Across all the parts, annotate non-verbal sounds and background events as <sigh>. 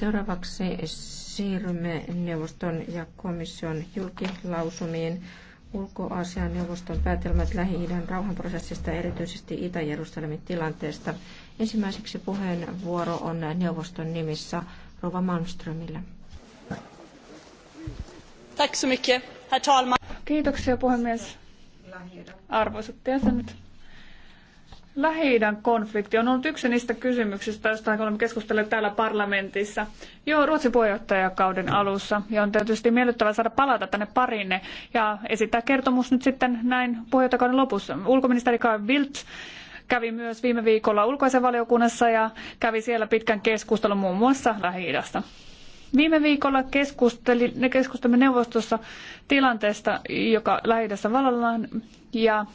Seuraavaksi siirrymme neuvoston ja komission julkilausumiin. Ulkoasian neuvoston päätelmät Lähi-idän rauhanprosessista, erityisesti Itä-Jerusalemin tilanteesta. Ensimmäiseksi puheenvuoro on neuvoston nimissä Rova Malmströmille. Kiitoksia puhemies. Arvoisat jäsenet lähi konflikti on ollut yksi niistä kysymyksistä, joista olemme keskustelleet täällä parlamentissa jo Ruotsin puheenjohtajakauden alussa. Ja on tietysti miellyttävää saada palata tänne parinne ja esittää kertomus nyt sitten näin puheenjohtajakauden lopussa. Ulkoministeri Karl Bildt kävi myös viime viikolla ulkoasevaliokunnassa ja kävi siellä pitkän keskustelun muun muassa lähi -idästä. Viime viikolla keskustelimme neuvostossa tilanteesta, joka lähi vallallaan ja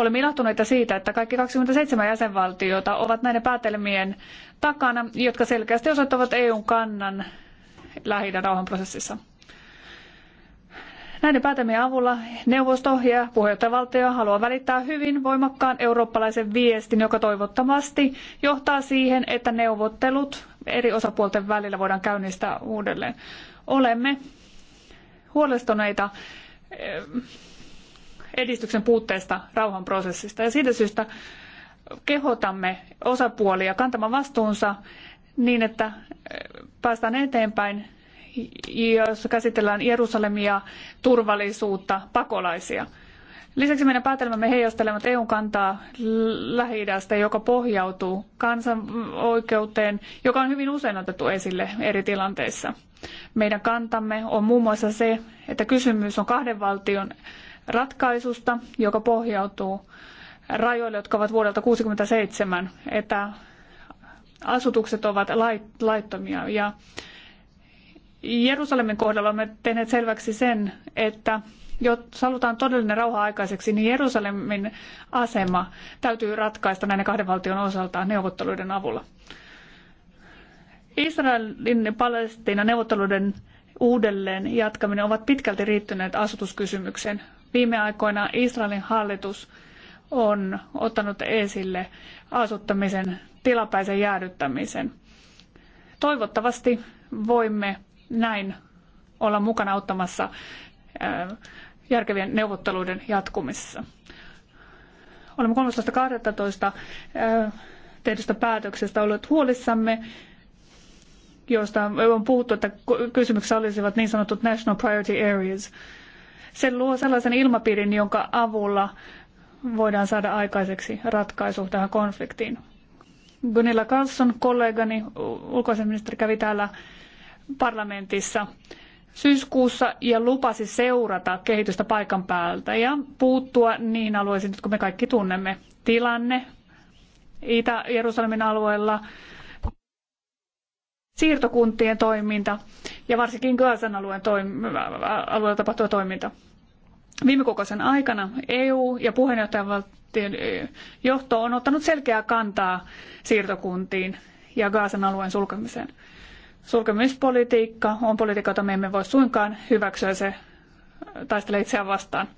Olemme ilahtuneita siitä, että kaikki 27 jäsenvaltiota ovat näiden päätelmien takana, jotka selkeästi osoittavat EUn kannan lähi rauhanprosessissa. Näiden päätelmien avulla neuvosto ja puheenjohtajavaltio haluaa välittää hyvin voimakkaan eurooppalaisen viestin, joka toivottavasti johtaa siihen, että neuvottelut eri osapuolten välillä voidaan käynnistää uudelleen. Olemme huolestuneita eh, edistyksen puutteesta rauhanprosessista. Ja siitä syystä kehotamme osapuolia kantamaan vastuunsa niin, että eh, päästään eteenpäin, jossa käsitellään Jerusalemia, turvallisuutta, pakolaisia. Lisäksi meidän päätelmämme heijastelevat EUn kantaa lähi joka pohjautuu kansanoikeuteen, joka on hyvin usein otettu esille eri tilanteissa. Meidän kantamme on muun muassa se, että kysymys on kahden valtion ratkaisusta, joka pohjautuu rajoille, jotka ovat vuodelta 1967, että asutukset ovat laittomia. Ja Jerusalemin kohdalla olemme tehneet selväksi sen, että jos halutaan todellinen rauha aikaiseksi, niin Jerusalemin asema täytyy ratkaista näiden kahden valtion osalta neuvotteluiden avulla. Israelin ja Palestiinan neuvotteluiden uudelleen jatkaminen ovat pitkälti riittyneet asutuskysymykseen. Viime aikoina Israelin hallitus on ottanut esille asuttamisen tilapäisen jäädyttämisen. Toivottavasti voimme näin olla mukana auttamassa järkevien neuvotteluiden jatkumisessa. Olemme 13.12. tehdystä päätöksestä olleet huolissamme, joista on puhuttu, että kysymyksessä olisivat niin sanotut National Priority Areas – se luo sellaisen ilmapiirin, jonka avulla voidaan saada aikaiseksi ratkaisu tähän konfliktiin. Gunilla Carlson, kollegani, ulkoasiaministeri, kävi täällä parlamentissa syyskuussa ja lupasi seurata kehitystä paikan päältä ja puuttua niihin alueisiin, jotka me kaikki tunnemme. Tilanne Itä-Jerusalemin alueella siirtokuntien toiminta ja varsinkin Gazan alueen toim- alueella tapahtuva toiminta. Viime kokoisen aikana EU ja puheenjohtajavaltion johto on ottanut selkeää kantaa siirtokuntiin ja Gaasan alueen sulkemiseen. Sulkemispolitiikka on politiikka, jota me emme voi suinkaan hyväksyä se taistelee itseään vastaan.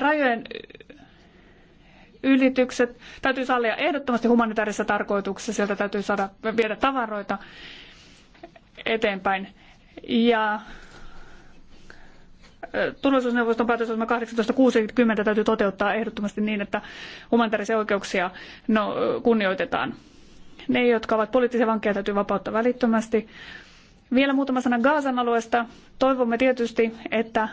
Rajojen ylitykset täytyy sallia ehdottomasti humanitaarisessa tarkoituksessa, sieltä täytyy saada viedä tavaroita eteenpäin. Ja turvallisuusneuvoston päätösosma 1860 täytyy toteuttaa ehdottomasti niin, että humanitaarisia oikeuksia no, kunnioitetaan. Ne, jotka ovat poliittisia vankeja, täytyy vapauttaa välittömästi. Vielä muutama sana Gaasan alueesta. Toivomme tietysti, että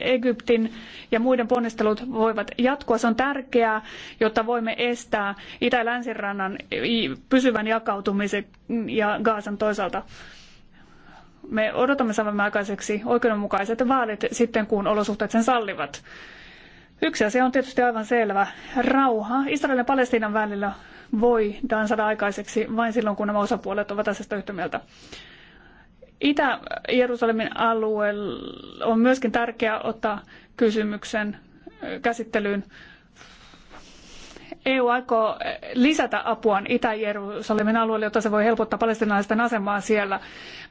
Egyptin ja muiden ponnistelut voivat jatkua. Se on tärkeää, jotta voimme estää Itä- ja Länsirannan pysyvän jakautumisen ja Gaasan toisaalta. Me odotamme saman oikeudenmukaiset vaalit sitten, kun olosuhteet sen sallivat. Yksi asia on tietysti aivan selvä. Rauha Israelin ja Palestiinan välillä voidaan saada aikaiseksi vain silloin, kun nämä osapuolet ovat asiasta yhtä mieltä. Itä-Jerusalemin alueella on myöskin tärkeää ottaa kysymyksen käsittelyyn. EU aikoo lisätä apuaan Itä-Jerusalemin alueelle, jotta se voi helpottaa palestinalaisten asemaa siellä.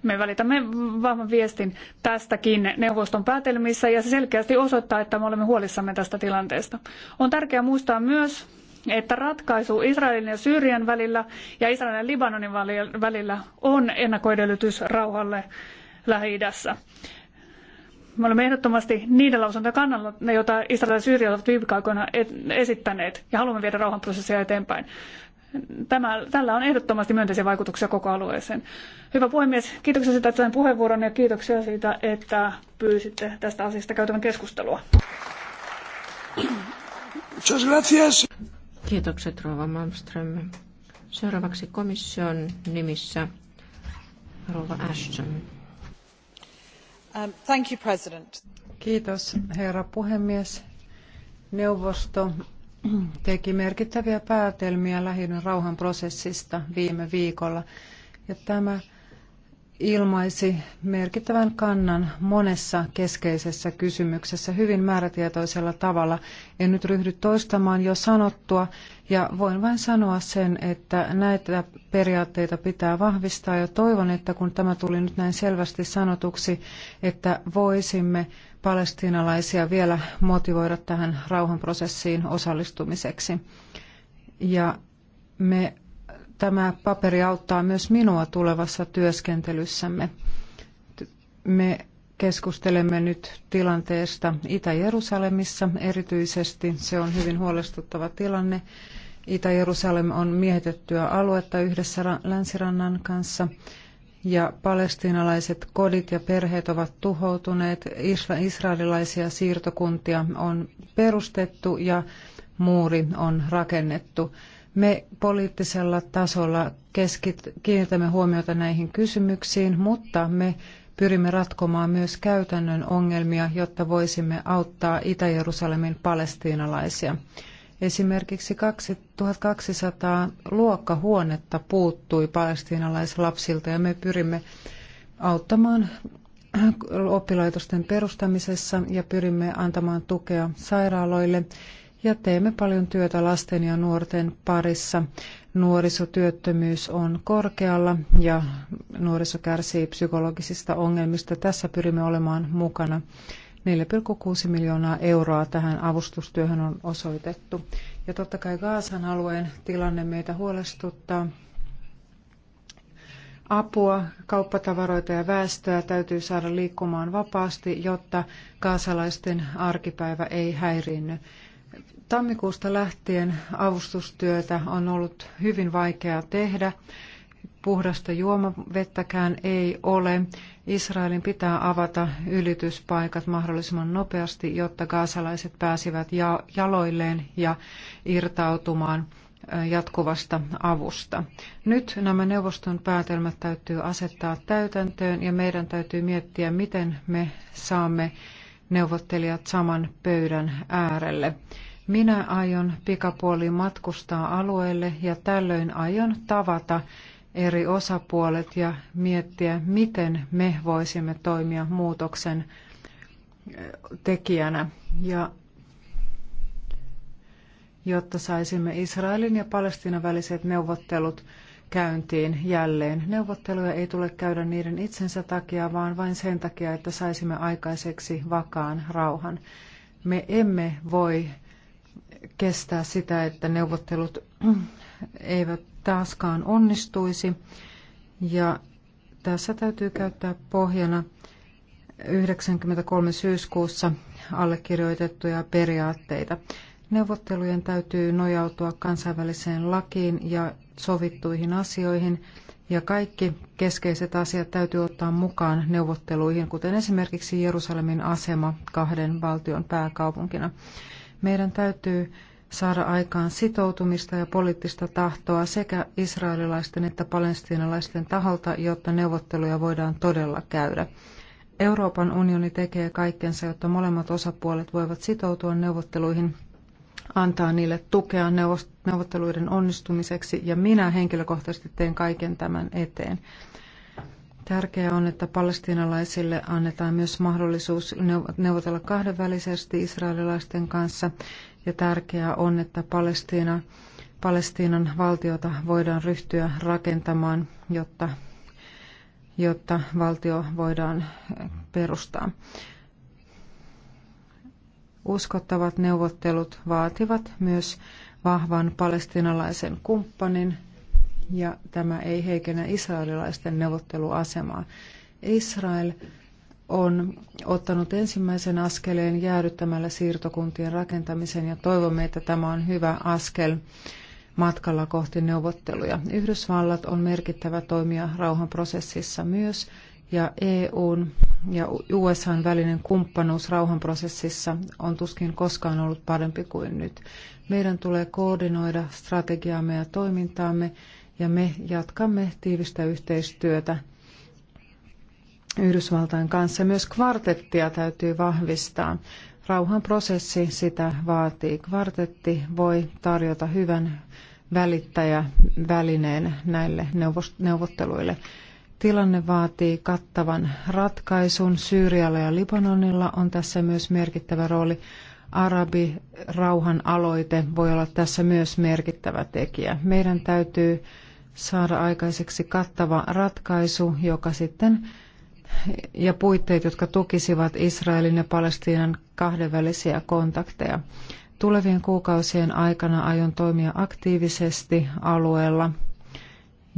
Me välitämme vahvan viestin tästäkin neuvoston päätelmissä ja se selkeästi osoittaa, että me olemme huolissamme tästä tilanteesta. On tärkeää muistaa myös, että ratkaisu Israelin ja Syyrian välillä ja Israelin ja Libanonin välillä on ennakoedellytys rauhalle Lähi-idässä. Me olemme ehdottomasti niiden lausuntojen kannalla, ne, joita Israel ja Syyria ovat viime aikoina esittäneet, ja haluamme viedä rauhanprosessia eteenpäin. Tämä, tällä on ehdottomasti myönteisiä vaikutuksia koko alueeseen. Hyvä puhemies, kiitoksia siitä, että sain puheenvuoron ja kiitoksia siitä, että pyysitte tästä asiasta käytävän keskustelua. Muchas gracias. Kiitokset Rova Malmström. Seuraavaksi komission nimissä Rova Ashton. Um, thank you, President. Kiitos, herra puhemies. Neuvosto teki merkittäviä päätelmiä lähinnä rauhanprosessista viime viikolla. Ja tämä ilmaisi merkittävän kannan monessa keskeisessä kysymyksessä hyvin määrätietoisella tavalla. En nyt ryhdy toistamaan jo sanottua ja voin vain sanoa sen, että näitä periaatteita pitää vahvistaa ja toivon, että kun tämä tuli nyt näin selvästi sanotuksi, että voisimme palestiinalaisia vielä motivoida tähän rauhanprosessiin osallistumiseksi. Ja me Tämä paperi auttaa myös minua tulevassa työskentelyssämme. Me keskustelemme nyt tilanteesta Itä-Jerusalemissa erityisesti. Se on hyvin huolestuttava tilanne. Itä-Jerusalem on miehitettyä aluetta yhdessä länsirannan kanssa ja palestiinalaiset kodit ja perheet ovat tuhoutuneet. Israelilaisia siirtokuntia on perustettu ja muuri on rakennettu. Me poliittisella tasolla keskit- kiinnitämme huomiota näihin kysymyksiin, mutta me pyrimme ratkomaan myös käytännön ongelmia, jotta voisimme auttaa Itä-Jerusalemin palestiinalaisia. Esimerkiksi 1200 luokkahuonetta puuttui palestiinalaislapsilta ja me pyrimme auttamaan oppilaitosten perustamisessa ja pyrimme antamaan tukea sairaaloille ja teemme paljon työtä lasten ja nuorten parissa. Nuorisotyöttömyys on korkealla ja nuoriso kärsii psykologisista ongelmista. Tässä pyrimme olemaan mukana. 4,6 miljoonaa euroa tähän avustustyöhön on osoitettu. Ja totta kai Gaasan alueen tilanne meitä huolestuttaa. Apua, kauppatavaroita ja väestöä täytyy saada liikkumaan vapaasti, jotta kaasalaisten arkipäivä ei häiriinny. Tammikuusta lähtien avustustyötä on ollut hyvin vaikeaa tehdä. Puhdasta juomavettäkään ei ole. Israelin pitää avata ylityspaikat mahdollisimman nopeasti, jotta kaasalaiset pääsivät jaloilleen ja irtautumaan jatkuvasta avusta. Nyt nämä neuvoston päätelmät täytyy asettaa täytäntöön ja meidän täytyy miettiä, miten me saamme neuvottelijat saman pöydän äärelle. Minä aion pikapuoli matkustaa alueelle ja tällöin aion tavata eri osapuolet ja miettiä, miten me voisimme toimia muutoksen eh, tekijänä. Ja jotta saisimme Israelin ja Palestiinan väliset neuvottelut käyntiin jälleen. Neuvotteluja ei tule käydä niiden itsensä takia, vaan vain sen takia, että saisimme aikaiseksi vakaan rauhan. Me emme voi kestää sitä, että neuvottelut <clears throat> eivät taaskaan onnistuisi. Ja tässä täytyy käyttää pohjana 93 syyskuussa allekirjoitettuja periaatteita. Neuvottelujen täytyy nojautua kansainväliseen lakiin ja sovittuihin asioihin, ja kaikki keskeiset asiat täytyy ottaa mukaan neuvotteluihin, kuten esimerkiksi Jerusalemin asema kahden valtion pääkaupunkina. Meidän täytyy saada aikaan sitoutumista ja poliittista tahtoa sekä israelilaisten että palestiinalaisten taholta, jotta neuvotteluja voidaan todella käydä. Euroopan unioni tekee kaikkensa, jotta molemmat osapuolet voivat sitoutua neuvotteluihin antaa niille tukea neuvotteluiden onnistumiseksi ja minä henkilökohtaisesti teen kaiken tämän eteen. Tärkeää on, että palestiinalaisille annetaan myös mahdollisuus neuvotella kahdenvälisesti israelilaisten kanssa ja tärkeää on, että Palestiina, Palestiinan valtiota voidaan ryhtyä rakentamaan, jotta, jotta valtio voidaan perustaa uskottavat neuvottelut vaativat myös vahvan palestinalaisen kumppanin ja tämä ei heikennä israelilaisten neuvotteluasemaa. Israel on ottanut ensimmäisen askeleen jäädyttämällä siirtokuntien rakentamisen ja toivomme, että tämä on hyvä askel matkalla kohti neuvotteluja. Yhdysvallat on merkittävä toimija rauhanprosessissa myös ja EUn ja USAn välinen kumppanuus rauhanprosessissa on tuskin koskaan ollut parempi kuin nyt. Meidän tulee koordinoida strategiaamme ja toimintaamme ja me jatkamme tiivistä yhteistyötä Yhdysvaltain kanssa. Myös kvartettia täytyy vahvistaa. Rauhanprosessi sitä vaatii. Kvartetti voi tarjota hyvän välittäjävälineen näille neuvotteluille. Tilanne vaatii kattavan ratkaisun. Syyrialla ja Libanonilla on tässä myös merkittävä rooli. Arabi rauhan aloite voi olla tässä myös merkittävä tekijä. Meidän täytyy saada aikaiseksi kattava ratkaisu, joka sitten ja puitteet, jotka tukisivat Israelin ja Palestiinan kahdenvälisiä kontakteja. Tulevien kuukausien aikana aion toimia aktiivisesti alueella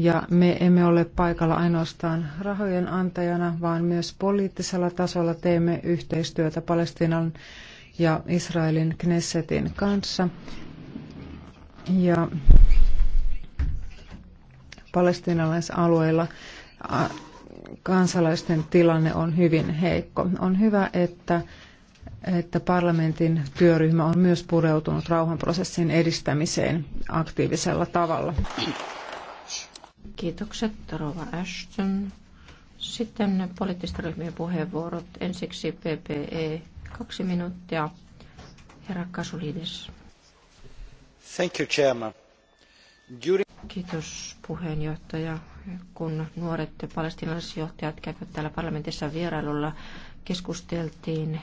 ja me emme ole paikalla ainoastaan rahojen antajana, vaan myös poliittisella tasolla teemme yhteistyötä Palestiinan ja Israelin Knessetin kanssa. Ja palestinalaisalueilla kansalaisten tilanne on hyvin heikko. On hyvä, että, että parlamentin työryhmä on myös pureutunut rauhanprosessin edistämiseen aktiivisella tavalla. Kiitokset, Rova Ashton. Sitten poliittisten ryhmien puheenvuorot. Ensiksi PPE, kaksi minuuttia. Herra Kasulides. Thank you, Chairman. During... Kiitos puheenjohtaja. Kun nuoret palestinaisjohtajat käyvät täällä parlamentissa vierailulla, keskusteltiin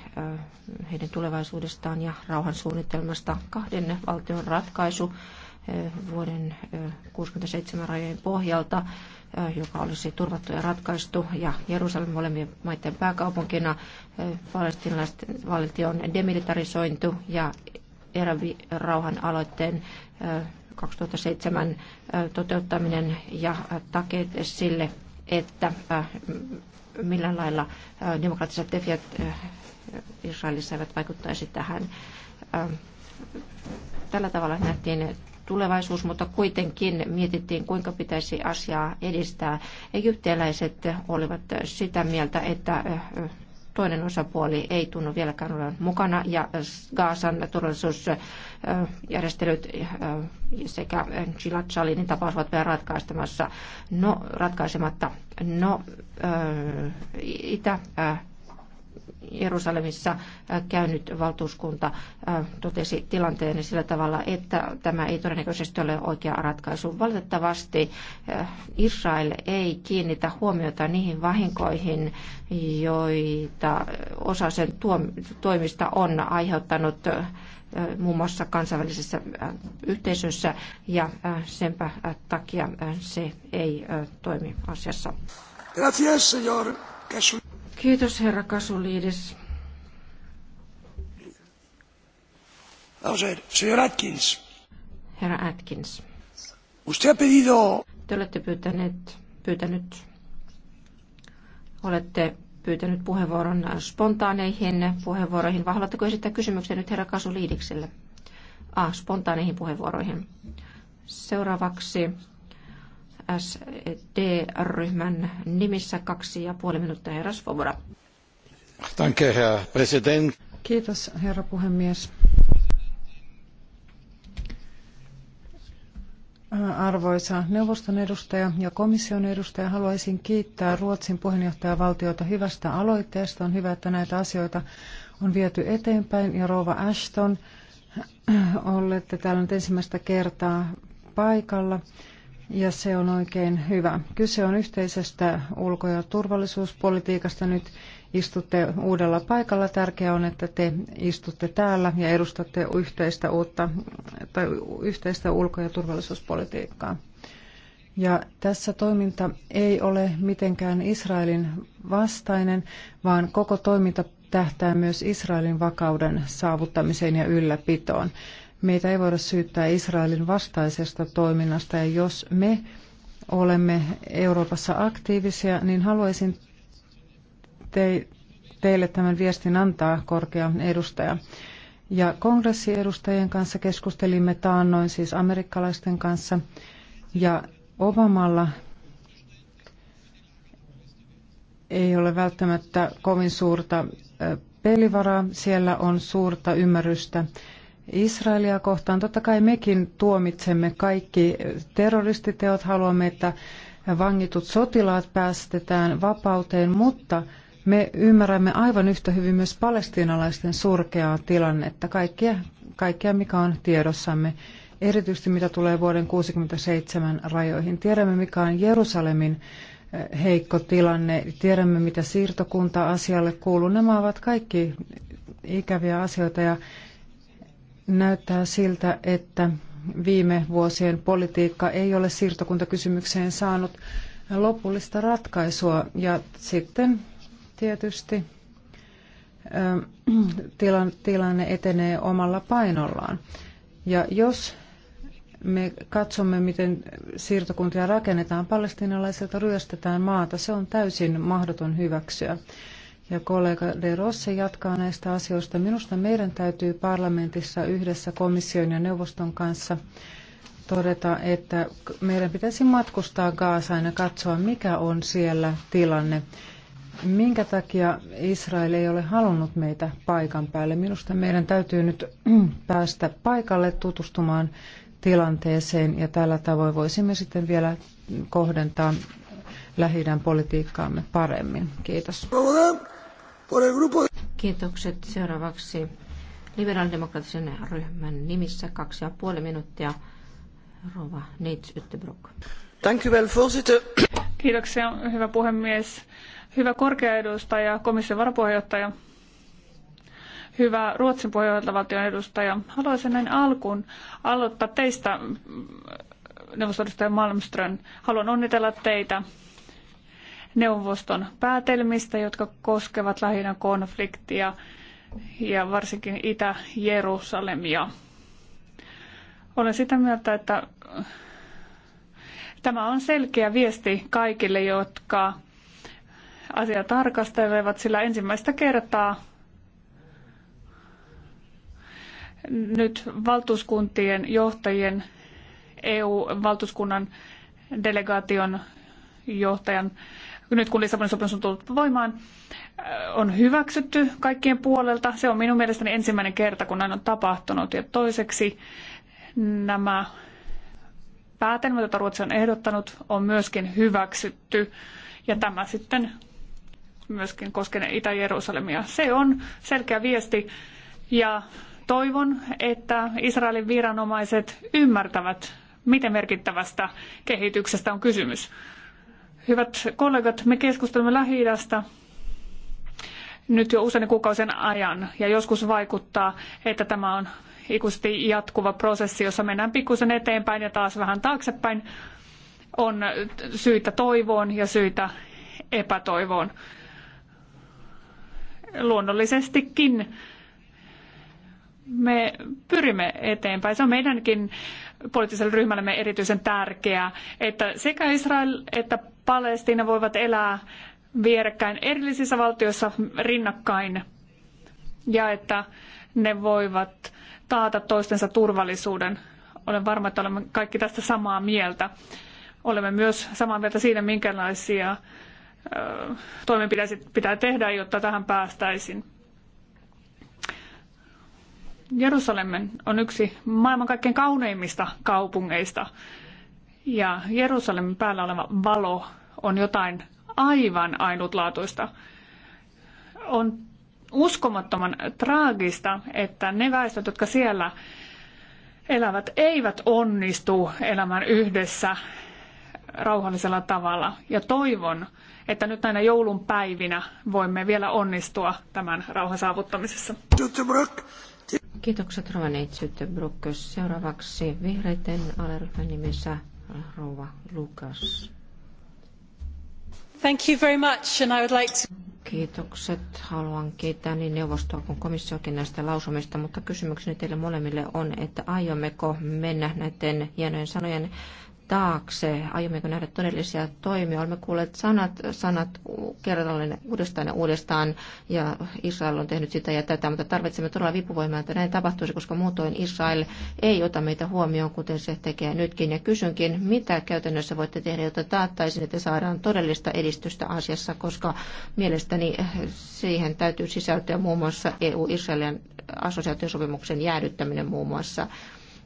heidän tulevaisuudestaan ja rauhansuunnitelmasta. Kahden valtion ratkaisu vuoden 1967 rajojen pohjalta, joka olisi turvattu ja ratkaistu. Ja Jerusalem molemmien maiden pääkaupunkina, palestinalaisten valtion demilitarisointu ja erävi rauhan aloitteen 2007 toteuttaminen ja takeet sille, että millään lailla demokraattiset tefiat Israelissa eivät vaikuttaisi tähän. Tällä tavalla nähtiin tulevaisuus, mutta kuitenkin mietittiin, kuinka pitäisi asiaa edistää. Egyptiläiset olivat sitä mieltä, että toinen osapuoli ei tunnu vieläkään olevan mukana ja Gaasan turvallisuusjärjestelyt sekä Gilad Shalinin tapaus ovat vielä ratkaisemassa. no, ratkaisematta. No, Itä Jerusalemissa käynyt valtuuskunta totesi tilanteen sillä tavalla, että tämä ei todennäköisesti ole oikea ratkaisu. Valitettavasti Israel ei kiinnitä huomiota niihin vahinkoihin, joita osa sen toimista on aiheuttanut muun muassa kansainvälisessä yhteisössä ja senpä takia se ei toimi asiassa. Gracias, señor. Kiitos herra Kasuliides. Herra Atkins. Herra Atkins. Usted ha pedido... Te olette pyytäneet, pyytänyt, olette pyytänyt puheenvuoron spontaaneihin puheenvuoroihin. Vahvatteko esittää kysymyksen nyt herra Kasuliidikselle? Ah, spontaaneihin puheenvuoroihin. Seuraavaksi SD-ryhmän nimissä kaksi ja puoli minuuttia, herra Svoboda. Danke, herr president. Kiitos, herra puhemies. Arvoisa neuvoston edustaja ja komission edustaja, haluaisin kiittää Ruotsin puheenjohtajavaltiota hyvästä aloitteesta. On hyvä, että näitä asioita on viety eteenpäin ja Rova Ashton, olette täällä nyt ensimmäistä kertaa paikalla ja se on oikein hyvä. Kyse on yhteisestä ulko- ja turvallisuuspolitiikasta. Nyt istutte uudella paikalla. Tärkeää on, että te istutte täällä ja edustatte yhteistä, uutta, tai yhteistä ulko- ja turvallisuuspolitiikkaa. Ja tässä toiminta ei ole mitenkään Israelin vastainen, vaan koko toiminta tähtää myös Israelin vakauden saavuttamiseen ja ylläpitoon. Meitä ei voida syyttää Israelin vastaisesta toiminnasta ja jos me olemme Euroopassa aktiivisia, niin haluaisin te, teille tämän viestin antaa, korkea edustaja. Ja kongressiedustajien kanssa keskustelimme taannoin, siis amerikkalaisten kanssa, ja Obamalla ei ole välttämättä kovin suurta pelivaraa. Siellä on suurta ymmärrystä Israelia kohtaan. Totta kai mekin tuomitsemme kaikki terroristiteot, haluamme, että vangitut sotilaat päästetään vapauteen, mutta me ymmärrämme aivan yhtä hyvin myös palestiinalaisten surkeaa tilannetta, kaikkea, kaikkea mikä on tiedossamme, erityisesti mitä tulee vuoden 1967 rajoihin. Tiedämme, mikä on Jerusalemin eh, heikko tilanne, tiedämme, mitä siirtokunta asialle kuuluu. Nämä ovat kaikki ikäviä asioita ja Näyttää siltä, että viime vuosien politiikka ei ole siirtokuntakysymykseen saanut lopullista ratkaisua. Ja sitten tietysti tilanne etenee omalla painollaan. Ja jos me katsomme, miten siirtokuntia rakennetaan, palestinalaisilta ryöstetään maata, se on täysin mahdoton hyväksyä ja kollega De Rosse jatkaa näistä asioista. Minusta meidän täytyy parlamentissa yhdessä komission ja neuvoston kanssa todeta, että meidän pitäisi matkustaa Gaasaan ja katsoa, mikä on siellä tilanne. Minkä takia Israel ei ole halunnut meitä paikan päälle? Minusta meidän täytyy nyt <clears throat> päästä paikalle tutustumaan tilanteeseen ja tällä tavoin voisimme sitten vielä kohdentaa lähi politiikkaamme paremmin. Kiitos. Kiitokset. Seuraavaksi liberaalidemokraattisen ryhmän nimissä kaksi ja puoli minuuttia. Rova Neits Yttebrok. Thank you well, voorzitter. Kiitoksia, hyvä puhemies. Hyvä korkea edustaja, komission varapuheenjohtaja. Hyvä Ruotsin puheenjohtajavaltion edustaja. Haluaisin näin alkuun aloittaa teistä, mm, neuvostoedustaja Malmström. Haluan onnitella teitä neuvoston päätelmistä, jotka koskevat lähinnä konfliktia ja varsinkin Itä-Jerusalemia. Olen sitä mieltä, että tämä on selkeä viesti kaikille, jotka asiaa tarkastelevat, sillä ensimmäistä kertaa nyt valtuuskuntien johtajien, EU-valtuuskunnan delegaation johtajan nyt kun Lissabonin sopimus on tullut voimaan, äh, on hyväksytty kaikkien puolelta. Se on minun mielestäni ensimmäinen kerta, kun näin on tapahtunut. Ja toiseksi nämä päätelmät, joita Ruotsi on ehdottanut, on myöskin hyväksytty. Ja tämä sitten myöskin koskee Itä-Jerusalemia. Se on selkeä viesti ja toivon, että Israelin viranomaiset ymmärtävät, miten merkittävästä kehityksestä on kysymys. Hyvät kollegat, me keskustelemme lähi nyt jo usein kuukausien ajan ja joskus vaikuttaa, että tämä on ikuisesti jatkuva prosessi, jossa mennään pikkusen eteenpäin ja taas vähän taaksepäin. On syitä toivoon ja syitä epätoivoon. Luonnollisestikin me pyrimme eteenpäin. Se on meidänkin poliittiselle ryhmällemme erityisen tärkeää, että sekä Israel että Palestiina voivat elää vierekkäin erillisissä valtioissa rinnakkain ja että ne voivat taata toistensa turvallisuuden. Olen varma, että olemme kaikki tästä samaa mieltä. Olemme myös samaa mieltä siinä, minkälaisia toimenpiteitä pitää tehdä, jotta tähän päästäisiin. Jerusalem on yksi maailman kaikkein kauneimmista kaupungeista ja Jerusalemin päällä oleva valo on jotain aivan ainutlaatuista. On uskomattoman traagista, että ne väestöt, jotka siellä elävät, eivät onnistu elämään yhdessä rauhallisella tavalla. Ja toivon, että nyt näinä joulun päivinä voimme vielä onnistua tämän rauhan saavuttamisessa. Kiitokset Rovaneitsytte Seuraavaksi vihreiden alaryhmän nimessä rouva Lukas. Thank you very much and I would like to... Kiitokset. Haluan kiittää niin neuvostoa kuin komissiokin näistä lausumista, mutta kysymykseni teille molemmille on, että aiommeko mennä näiden hienojen sanojen taakse? Aiommeko nähdä todellisia toimia? Olemme kuulleet sanat, sanat kerrallinen uudestaan ja uudestaan, ja Israel on tehnyt sitä ja tätä, mutta tarvitsemme todella vipuvoimaa, että näin tapahtuisi, koska muutoin Israel ei ota meitä huomioon, kuten se tekee nytkin. Ja kysynkin, mitä käytännössä voitte tehdä, jotta taattaisiin, että saadaan todellista edistystä asiassa, koska mielestäni siihen täytyy sisältyä muun muassa EU-Israelin assosiaatiosopimuksen jäädyttäminen muun muassa.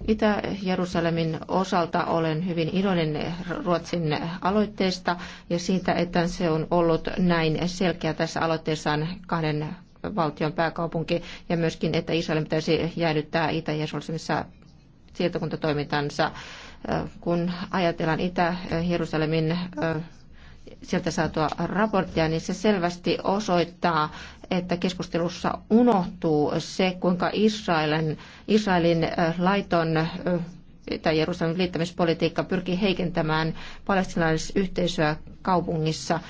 Itä-Jerusalemin osalta olen hyvin iloinen Ruotsin aloitteesta ja siitä, että se on ollut näin selkeä tässä aloitteessaan kahden valtion pääkaupunki ja myöskin, että Israelin pitäisi jäädyttää Itä-Jerusalemissa siirtokuntatoimintansa. Kun ajatellaan Itä-Jerusalemin sieltä saatua raporttia, niin se selvästi osoittaa, että keskustelussa unohtuu se, kuinka Israelin, Israelin laiton tai Jerusalemin liittämispolitiikka pyrkii heikentämään palestinaisyhteisöä kaupungissa –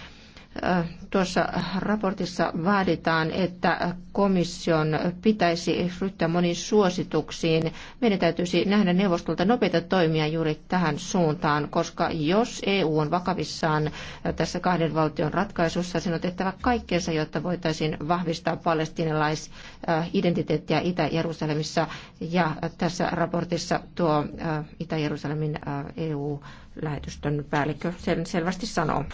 Tuossa raportissa vaaditaan, että komission pitäisi ryhtyä moniin suosituksiin. Meidän täytyisi nähdä neuvostolta nopeita toimia juuri tähän suuntaan, koska jos EU on vakavissaan tässä kahden valtion ratkaisussa, sen on tehtävä kaikkeensa, jotta voitaisiin vahvistaa palestinalaisidentiteettiä Itä-Jerusalemissa. Ja tässä raportissa tuo Itä-Jerusalemin EU-lähetystön päällikkö sen selvästi sanoo.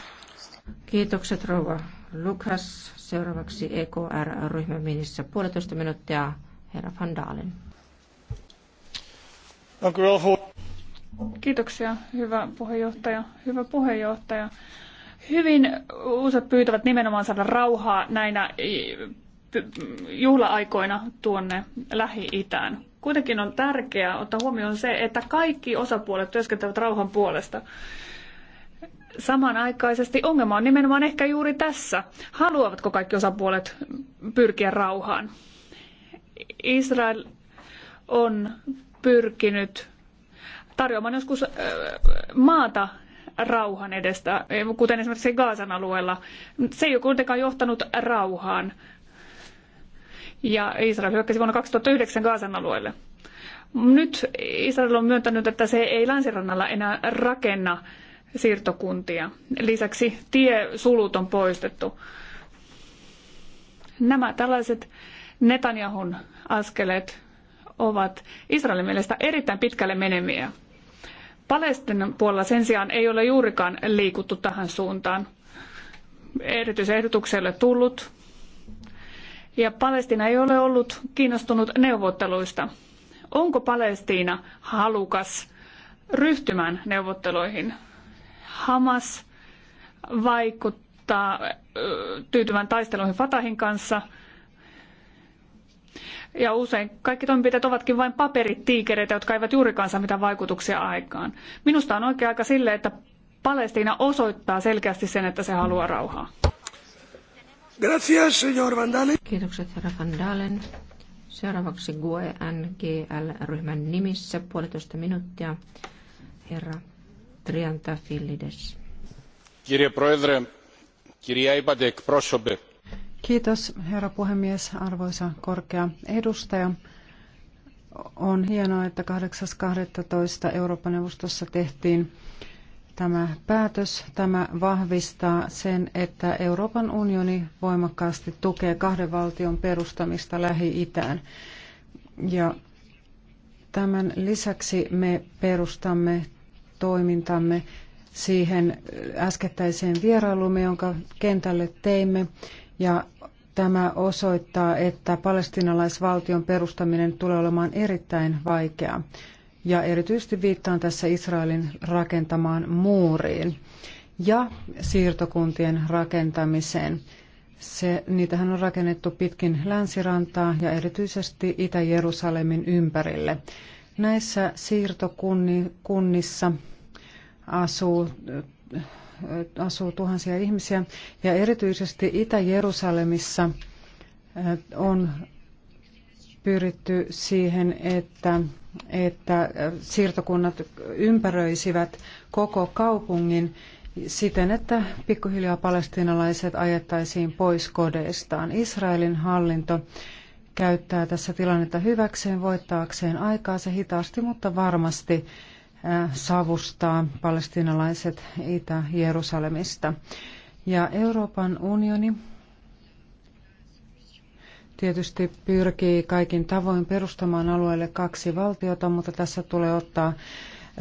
Kiitokset rouva Lukas. Seuraavaksi EKR-ryhmän ministeri puolitoista minuuttia herra Van Dalen. Kiitoksia, hyvä puheenjohtaja. Hyvä puheenjohtaja. Hyvin uusat pyytävät nimenomaan saada rauhaa näinä juhla-aikoina tuonne Lähi-Itään. Kuitenkin on tärkeää ottaa huomioon se, että kaikki osapuolet työskentelevät rauhan puolesta. Samanaikaisesti ongelma on nimenomaan ehkä juuri tässä. Haluavatko kaikki osapuolet pyrkiä rauhaan? Israel on pyrkinyt tarjoamaan joskus maata rauhan edestä, kuten esimerkiksi Gaasan alueella. Se ei ole kuitenkaan johtanut rauhaan. Ja Israel hyökkäsi vuonna 2009 Gaasan alueelle. Nyt Israel on myöntänyt, että se ei länsirannalla enää rakenna siirtokuntia. Lisäksi tiesulut on poistettu. Nämä tällaiset netanjahun askeleet ovat Israelin mielestä erittäin pitkälle menemiä. Palestinan puolella sen sijaan ei ole juurikaan liikuttu tähän suuntaan. Erityisehdotuksia ei ole tullut. Ja Palestina ei ole ollut kiinnostunut neuvotteluista. Onko Palestiina halukas ryhtymään neuvotteluihin? Hamas vaikuttaa tyytyvän taisteluihin Fatahin kanssa. Ja usein kaikki toimenpiteet ovatkin vain paperitiikereitä, jotka eivät juurikaan saa mitään vaikutuksia aikaan. Minusta on oikea aika sille, että Palestiina osoittaa selkeästi sen, että se haluaa rauhaa. Gracias, señor Vandalen. Kiitokset, herra Vandalen. Seuraavaksi GUE-NGL-ryhmän nimissä puolitoista minuuttia. Herra Triantafillides. Kirja Proedre, kirja prosobe. Kiitos, herra puhemies, arvoisa korkea edustaja. On hienoa, että 8.12. Euroopan neuvostossa tehtiin tämä päätös. Tämä vahvistaa sen, että Euroopan unioni voimakkaasti tukee kahden valtion perustamista Lähi-Itään. Ja tämän lisäksi me perustamme toimintamme siihen äskettäiseen vierailumme, jonka kentälle teimme. Ja tämä osoittaa, että palestinalaisvaltion perustaminen tulee olemaan erittäin vaikeaa. Ja erityisesti viittaan tässä Israelin rakentamaan muuriin ja siirtokuntien rakentamiseen. Se, niitähän on rakennettu pitkin länsirantaa ja erityisesti Itä-Jerusalemin ympärille. Näissä siirtokunnissa asuu, asuu tuhansia ihmisiä ja erityisesti Itä-Jerusalemissa eh, on pyritty siihen, että, että siirtokunnat ympäröisivät koko kaupungin siten, että pikkuhiljaa palestinalaiset ajettaisiin pois kodeistaan. Israelin hallinto käyttää tässä tilannetta hyväkseen, voittaakseen aikaa. Se hitaasti, mutta varmasti savustaa palestinalaiset Itä-Jerusalemista. Ja Euroopan unioni tietysti pyrkii kaikin tavoin perustamaan alueelle kaksi valtiota, mutta tässä tulee ottaa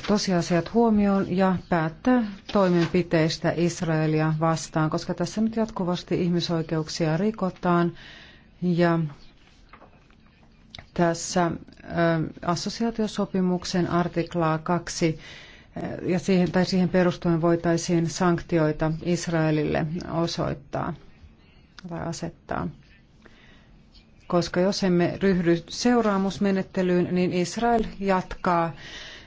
tosiasiat huomioon ja päättää toimenpiteistä Israelia vastaan, koska tässä nyt jatkuvasti ihmisoikeuksia rikotaan ja tässä assosiaatiosopimuksen artiklaa 2 ja siihen, tai siihen perustuen voitaisiin sanktioita Israelille osoittaa tai asettaa. Koska jos emme ryhdy seuraamusmenettelyyn, niin Israel jatkaa,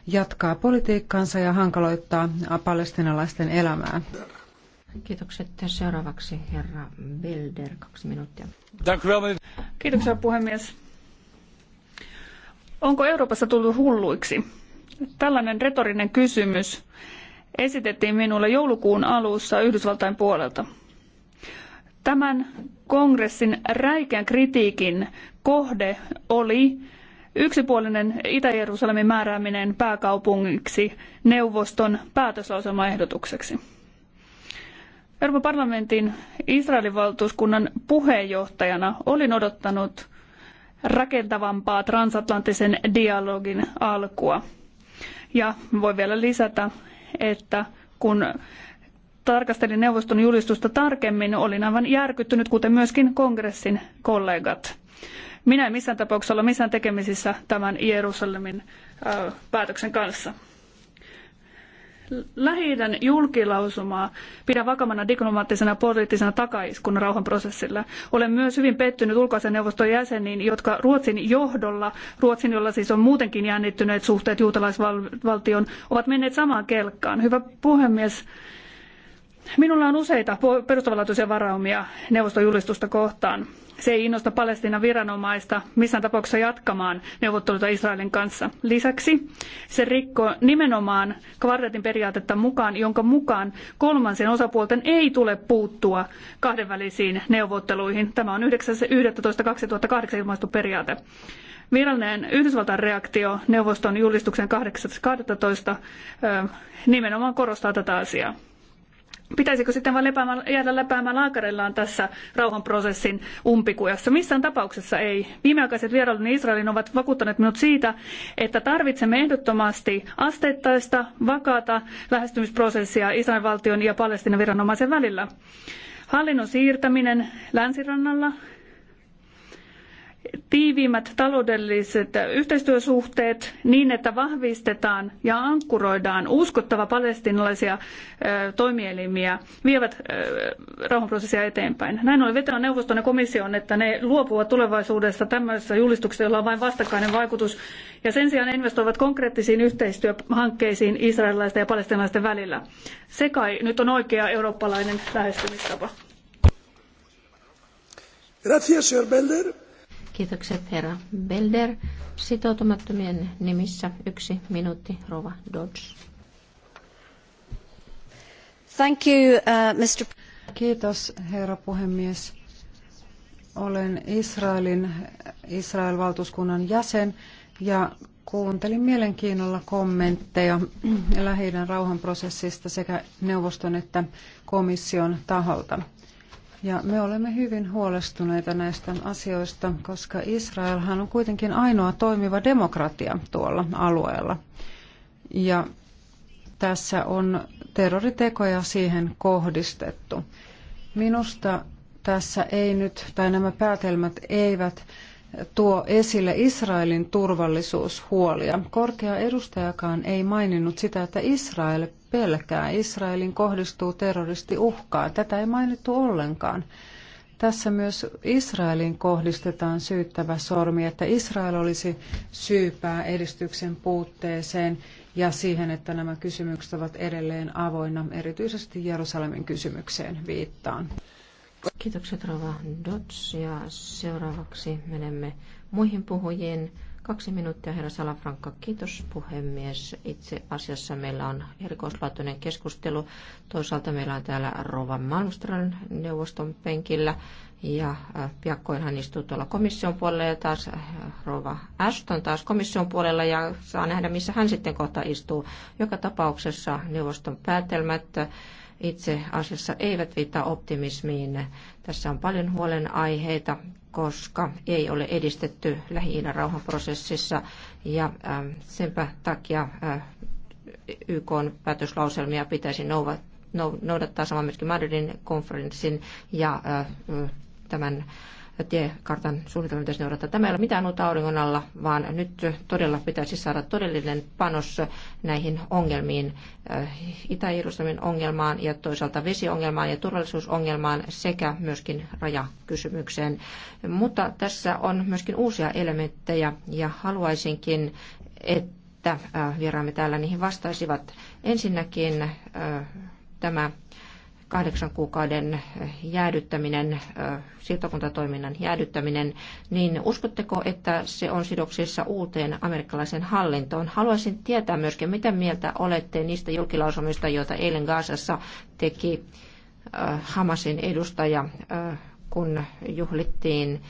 jatkaa politiikkaansa ja hankaloittaa palestinalaisten elämää. Kiitokset. Seuraavaksi herra Belder, kaksi minuuttia. Kiitoksia puhemies. Onko Euroopassa tullut hulluiksi? Tällainen retorinen kysymys esitettiin minulle joulukuun alussa Yhdysvaltain puolelta. Tämän kongressin räikeän kritiikin kohde oli yksipuolinen Itä-Jerusalemin määrääminen pääkaupungiksi neuvoston päätöslauselmaehdotukseksi. Euroopan parlamentin Israelin valtuuskunnan puheenjohtajana olin odottanut rakentavampaa transatlanttisen dialogin alkua. Ja voi vielä lisätä, että kun tarkastelin neuvoston julistusta tarkemmin, olin aivan järkyttynyt, kuten myöskin kongressin kollegat. Minä en missään tapauksessa olla missään tekemisissä tämän Jerusalemin päätöksen kanssa lähi julkilausumaa pidän vakavana diplomaattisena poliittisena takaiskuna rauhanprosessille. Olen myös hyvin pettynyt ulkoasianneuvoston jäseniin, jotka Ruotsin johdolla, Ruotsin jolla siis on muutenkin jännittyneet suhteet juutalaisvaltioon, ovat menneet samaan kelkkaan. Hyvä puhemies, minulla on useita perustavanlaatuisia varaumia neuvoston julistusta kohtaan. Se ei innosta Palestiinan viranomaista missään tapauksessa jatkamaan neuvotteluita Israelin kanssa. Lisäksi se rikkoo nimenomaan kvartetin periaatetta mukaan, jonka mukaan kolmansien osapuolten ei tule puuttua kahdenvälisiin neuvotteluihin. Tämä on 9.11.2008 ilmaistu periaate. Virallinen Yhdysvaltain reaktio neuvoston julistuksen 8.12. nimenomaan korostaa tätä asiaa pitäisikö sitten vain lepäämään, jäädä lepäämään laakarellaan tässä rauhanprosessin umpikujassa? Missään tapauksessa ei. Viimeaikaiset vierailuni Israelin ovat vakuuttaneet minut siitä, että tarvitsemme ehdottomasti asteittaista, vakaata lähestymisprosessia Israelin valtion ja Palestiinan viranomaisen välillä. Hallinnon siirtäminen länsirannalla tiiviimmät taloudelliset yhteistyösuhteet niin, että vahvistetaan ja ankkuroidaan uskottava palestinalaisia toimielimiä, vievät rauhanprosessia eteenpäin. Näin ollen vetoan neuvoston ja komission, että ne luopuvat tulevaisuudessa tämmöisessä julistuksessa, jolla on vain vastakkainen vaikutus, ja sen sijaan investoivat konkreettisiin yhteistyöhankkeisiin israelilaisten ja palestinalaisten välillä. Se kai nyt on oikea eurooppalainen lähestymistapa. Gracias, señor Belder. Kiitokset herra Belder. Sitoutumattomien nimissä yksi minuutti, Rova Dodge. Thank you, uh, Mr. Kiitos, herra puhemies. Olen Israelin, Israel valtuuskunnan jäsen ja kuuntelin mielenkiinnolla kommentteja lähi rauhanprosessista sekä neuvoston että komission taholta ja me olemme hyvin huolestuneita näistä asioista, koska Israelhan on kuitenkin ainoa toimiva demokratia tuolla alueella. Ja tässä on terroritekoja siihen kohdistettu. Minusta tässä ei nyt, tai nämä päätelmät eivät tuo esille Israelin turvallisuushuolia. Korkea edustajakaan ei maininnut sitä, että Israel pelkää. Israelin kohdistuu uhkaa. Tätä ei mainittu ollenkaan. Tässä myös Israelin kohdistetaan syyttävä sormi, että Israel olisi syypää edistyksen puutteeseen ja siihen, että nämä kysymykset ovat edelleen avoinna, erityisesti Jerusalemin kysymykseen viittaan. Kiitokset Rova Dots ja seuraavaksi menemme muihin puhujiin. Kaksi minuuttia, herra Salafranka. Kiitos, puhemies. Itse asiassa meillä on erikoislaatuinen keskustelu. Toisaalta meillä on täällä Rova Malmström neuvoston penkillä ja äh, piakkoin hän istuu tuolla komission puolella ja taas äh, Rova Ashton taas komission puolella ja saa nähdä, missä hän sitten kohta istuu. Joka tapauksessa neuvoston päätelmät äh, itse asiassa eivät viittaa optimismiin. Tässä on paljon huolenaiheita, koska ei ole edistetty lähi rauhanprosessissa ja ähm, senpä takia äh, YK päätöslauselmia pitäisi noudattaa, sama myöskin Madridin konferenssin ja äh, tämän ja tiekartan suunnitelma pitäisi noudattaa. Tämä ei ole mitään uutta auringon alla, vaan nyt todella pitäisi saada todellinen panos näihin ongelmiin, äh, Itä-Jerusalemin ongelmaan ja toisaalta vesiongelmaan ja turvallisuusongelmaan sekä myöskin rajakysymykseen. Mutta tässä on myöskin uusia elementtejä ja haluaisinkin, että äh, vieraamme täällä niihin vastaisivat. Ensinnäkin äh, tämä kahdeksan kuukauden jäädyttäminen, siirtokuntatoiminnan jäädyttäminen, niin uskotteko, että se on sidoksissa uuteen amerikkalaiseen hallintoon? Haluaisin tietää myöskin, mitä mieltä olette niistä julkilausumista, joita eilen Gaasassa teki Hamasin edustaja, kun juhlittiin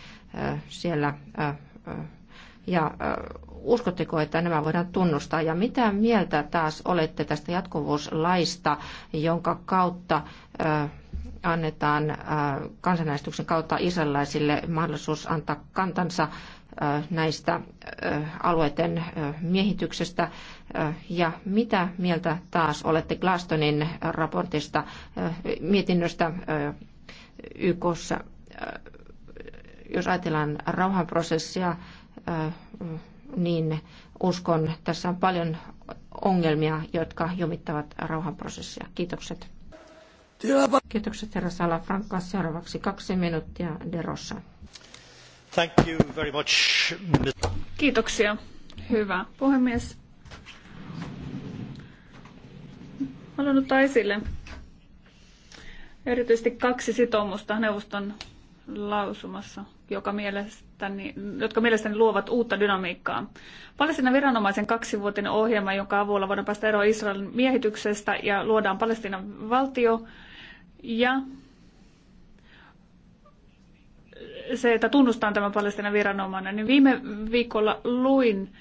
siellä ja Uskotteko, että nämä voidaan tunnustaa? Ja mitä mieltä taas olette tästä jatkuvuuslaista, jonka kautta annetaan kansanäänestyksen kautta israelaisille mahdollisuus antaa kantansa näistä alueiden miehityksestä. Ja mitä mieltä taas olette Glastonin raportista, mietinnöstä YKssa, jos ajatellaan rauhanprosessia, niin uskon, tässä on paljon ongelmia, jotka jumittavat rauhanprosessia. Kiitokset. Kiitokset herra Sala Frankka. Seuraavaksi kaksi minuuttia Derossa. Thank you very much. Kiitoksia. Hyvä puhemies. Haluan ottaa esille erityisesti kaksi sitoumusta neuvoston lausumassa – joka mielestäni, jotka mielestäni luovat uutta dynamiikkaa. Palestinan viranomaisen kaksivuotinen ohjelma, jonka avulla voidaan päästä eroon Israelin miehityksestä ja luodaan Palestinan valtio. Ja se, että tunnustaan tämä Palestinan viranomainen, niin viime viikolla luin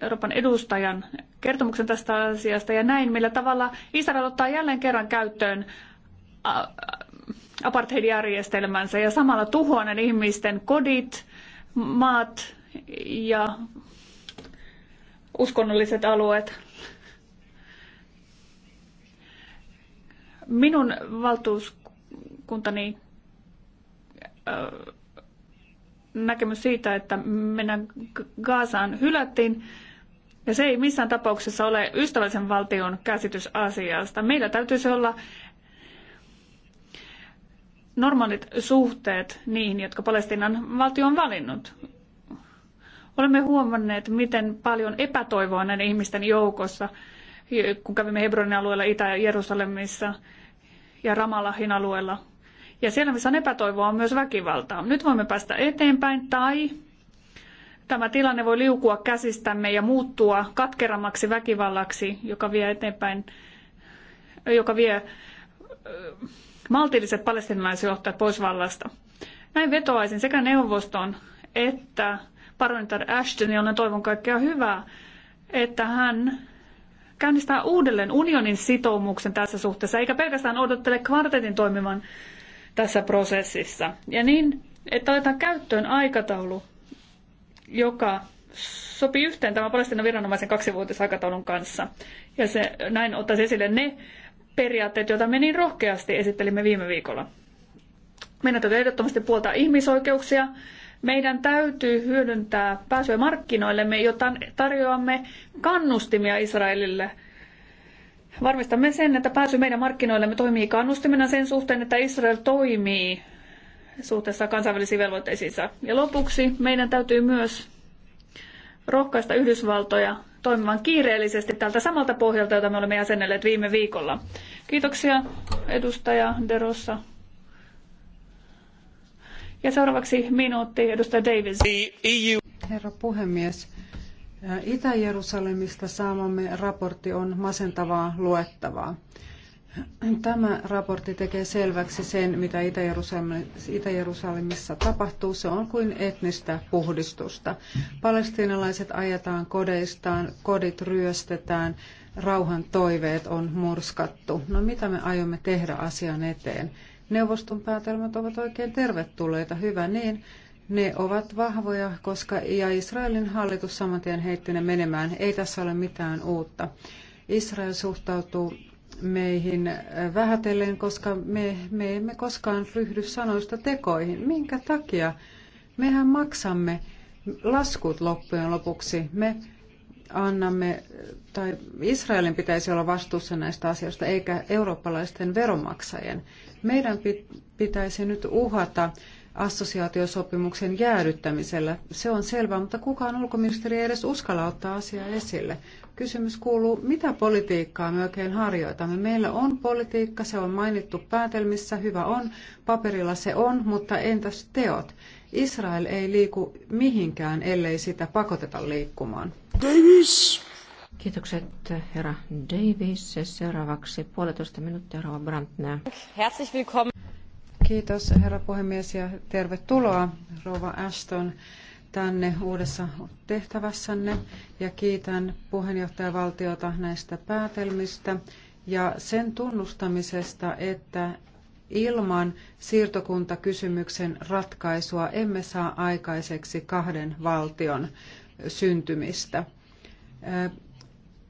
Euroopan edustajan kertomuksen tästä asiasta ja näin, millä tavalla Israel ottaa jälleen kerran käyttöön apartheidjärjestelmänsä ja samalla tuhoaa ihmisten kodit, maat ja uskonnolliset alueet. Minun valtuuskuntani äh, näkemys siitä, että mennään Gaasaan hylättiin. Ja se ei missään tapauksessa ole ystävällisen valtion käsitys asiasta. Meillä täytyisi olla normaalit suhteet niihin, jotka Palestiinan valtio on valinnut. Olemme huomanneet, miten paljon epätoivoa näiden ihmisten joukossa, kun kävimme Hebronin alueella Itä-Jerusalemissa ja Ramallahin alueella. Ja siellä, missä on epätoivoa, on myös väkivaltaa. Nyt voimme päästä eteenpäin tai tämä tilanne voi liukua käsistämme ja muuttua katkerammaksi väkivallaksi, joka vie eteenpäin, joka vie maltilliset palestinalaisjohtajat pois vallasta. Näin vetoaisin sekä neuvostoon että parlamentaari Ashton, jolle toivon kaikkea hyvää, että hän käynnistää uudelleen unionin sitoumuksen tässä suhteessa, eikä pelkästään odottele kvartetin toimivan tässä prosessissa. Ja niin, että otetaan käyttöön aikataulu, joka sopii yhteen tämän Palestinan viranomaisen kaksivuotisaikataulun kanssa. Ja se näin ottaisi esille ne periaatteet, joita me niin rohkeasti esittelimme viime viikolla. Meidän täytyy ehdottomasti puoltaa ihmisoikeuksia. Meidän täytyy hyödyntää pääsyä markkinoillemme, jotta tarjoamme kannustimia Israelille. Varmistamme sen, että pääsy meidän markkinoillemme toimii kannustimena sen suhteen, että Israel toimii suhteessa kansainvälisiin velvoitteisiinsa. Ja lopuksi meidän täytyy myös rohkaista Yhdysvaltoja toimivan kiireellisesti tältä samalta pohjalta, jota me olemme jäsennelleet viime viikolla. Kiitoksia edustaja Derossa. Ja seuraavaksi minuutti edustaja Davis. E Herra puhemies, Itä-Jerusalemista saamamme raportti on masentavaa luettavaa. Tämä raportti tekee selväksi sen, mitä Itä-Jerusalemissa tapahtuu. Se on kuin etnistä puhdistusta. Palestiinalaiset ajetaan kodeistaan, kodit ryöstetään, rauhan toiveet on murskattu. No mitä me aiomme tehdä asian eteen? Neuvoston päätelmät ovat oikein tervetulleita, hyvä niin. Ne ovat vahvoja, koska ja Israelin hallitus samantien heitti ne menemään. Ei tässä ole mitään uutta. Israel suhtautuu meihin äh, vähätellen, koska me, me emme koskaan ryhdy sanoista tekoihin. Minkä takia? Mehän maksamme laskut loppujen lopuksi. Me annamme, tai Israelin pitäisi olla vastuussa näistä asioista, eikä eurooppalaisten veronmaksajien. Meidän pitäisi nyt uhata assosiaatiosopimuksen jäädyttämisellä. Se on selvää, mutta kukaan ulkoministeri ei edes uskalla ottaa asiaa esille. Kysymys kuuluu, mitä politiikkaa me oikein harjoitamme? Meillä on politiikka, se on mainittu päätelmissä, hyvä on, paperilla se on, mutta entäs teot? Israel ei liiku mihinkään, ellei sitä pakoteta liikkumaan. Davis! Kiitokset herra Davis. Seuraavaksi puolitoista minuuttia rouva Brandner. Herzlich willkommen. Kiitos herra puhemies ja tervetuloa rouva Ashton tänne uudessa tehtävässänne ja kiitän puheenjohtajavaltiota näistä päätelmistä ja sen tunnustamisesta, että ilman siirtokuntakysymyksen ratkaisua emme saa aikaiseksi kahden valtion syntymistä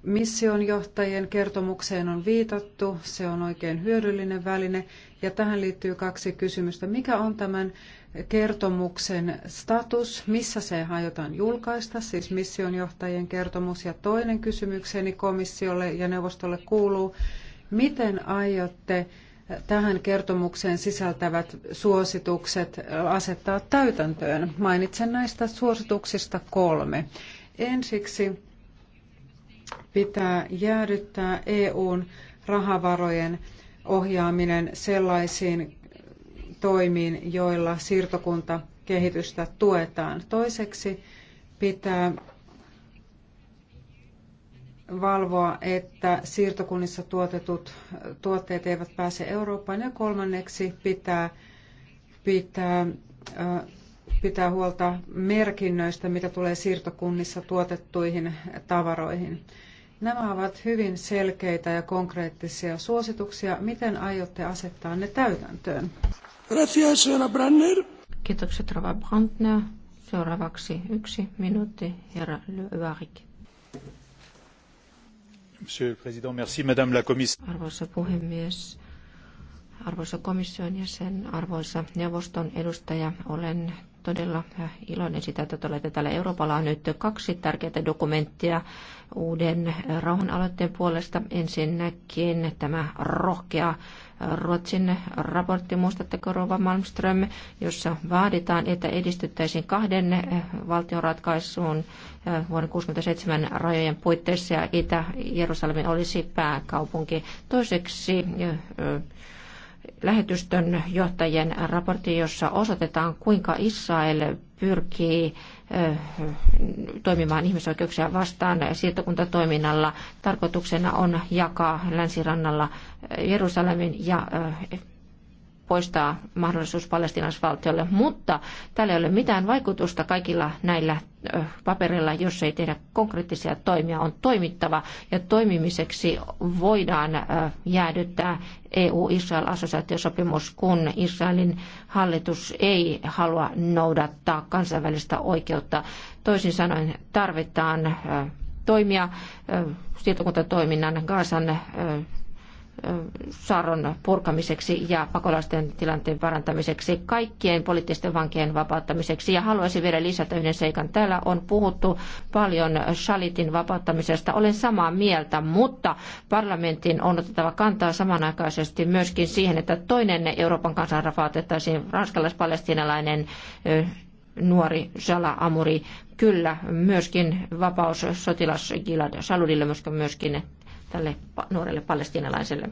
missionjohtajien kertomukseen on viitattu, se on oikein hyödyllinen väline ja tähän liittyy kaksi kysymystä. Mikä on tämän kertomuksen status, missä se aiotaan julkaista, siis missionjohtajien kertomus ja toinen kysymykseni komissiolle ja neuvostolle kuuluu, miten aiotte tähän kertomukseen sisältävät suositukset asettaa täytäntöön. Mainitsen näistä suosituksista kolme. Ensiksi pitää jäädyttää EUn rahavarojen ohjaaminen sellaisiin toimiin, joilla siirtokuntakehitystä tuetaan. Toiseksi pitää valvoa, että siirtokunnissa tuotetut tuotteet eivät pääse Eurooppaan. Ja kolmanneksi pitää, pitää pitää huolta merkinnöistä, mitä tulee siirtokunnissa tuotettuihin tavaroihin. Nämä ovat hyvin selkeitä ja konkreettisia suosituksia. Miten aiotte asettaa ne täytäntöön? Gracias, Brandner. Kiitokset, Rova Brandner. Seuraavaksi yksi minuutti, herra Lyövarik. Monsieur le Président, merci, Madame la Commissaire. Arvoisa puhemies, arvoisa komission jäsen, arvoisa neuvoston edustaja, olen todella äh, iloinen sitä, että olette täällä Euroopalla on nyt kaksi tärkeää dokumenttia uuden äh, rauhanaloitteen puolesta. Ensinnäkin tämä rohkea äh, Ruotsin raportti, muistatteko Rova Malmström, jossa vaaditaan, että edistyttäisiin kahden valtion ratkaisuun vuoden 67 rajojen puitteissa ja Itä-Jerusalemin olisi pääkaupunki. Toiseksi lähetystön johtajien raportti, jossa osoitetaan, kuinka Israel pyrkii toimimaan ihmisoikeuksia vastaan siirtokuntatoiminnalla. Tarkoituksena on jakaa länsirannalla Jerusalemin ja poistaa mahdollisuus palestinaisvaltiolle, mutta tällä ei ole mitään vaikutusta kaikilla näillä paperilla, jos ei tehdä konkreettisia toimia, on toimittava ja toimimiseksi voidaan jäädyttää EU-Israel-assosiaatiosopimus, kun Israelin hallitus ei halua noudattaa kansainvälistä oikeutta. Toisin sanoen tarvitaan toimia siirtokuntatoiminnan Gaasan saaron purkamiseksi ja pakolaisten tilanteen parantamiseksi, kaikkien poliittisten vankien vapauttamiseksi. Ja haluaisin vielä lisätä yhden seikan. Täällä on puhuttu paljon Shalitin vapauttamisesta. Olen samaa mieltä, mutta parlamentin on otettava kantaa samanaikaisesti myöskin siihen, että toinen Euroopan kansan vapautettaisiin ranskalais-palestinalainen nuori Jala Amuri. Kyllä, myöskin vapaus sotilas Gilad Saludille, myöskin tälle pa- nuorelle palestinalaiselle.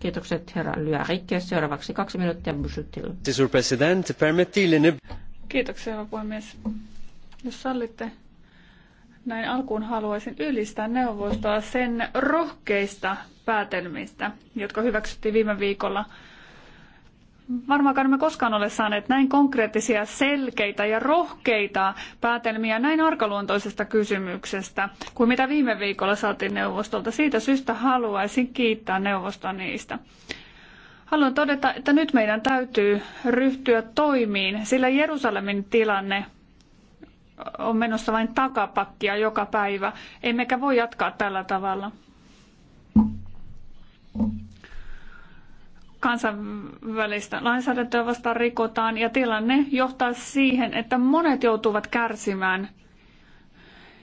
Kiitokset herra Lyärikke. Seuraavaksi kaksi minuuttia Busutil. Kiitoksia herra puhemies. Jos sallitte, näin alkuun haluaisin ylistää neuvostoa sen rohkeista päätelmistä, jotka hyväksyttiin viime viikolla – varmaankaan emme koskaan ole saaneet näin konkreettisia, selkeitä ja rohkeita päätelmiä näin arkaluontoisesta kysymyksestä kuin mitä viime viikolla saatiin neuvostolta. Siitä syystä haluaisin kiittää neuvostoa niistä. Haluan todeta, että nyt meidän täytyy ryhtyä toimiin, sillä Jerusalemin tilanne on menossa vain takapakkia joka päivä, emmekä voi jatkaa tällä tavalla kansainvälistä lainsäädäntöä vastaan rikotaan ja tilanne johtaa siihen, että monet joutuvat kärsimään.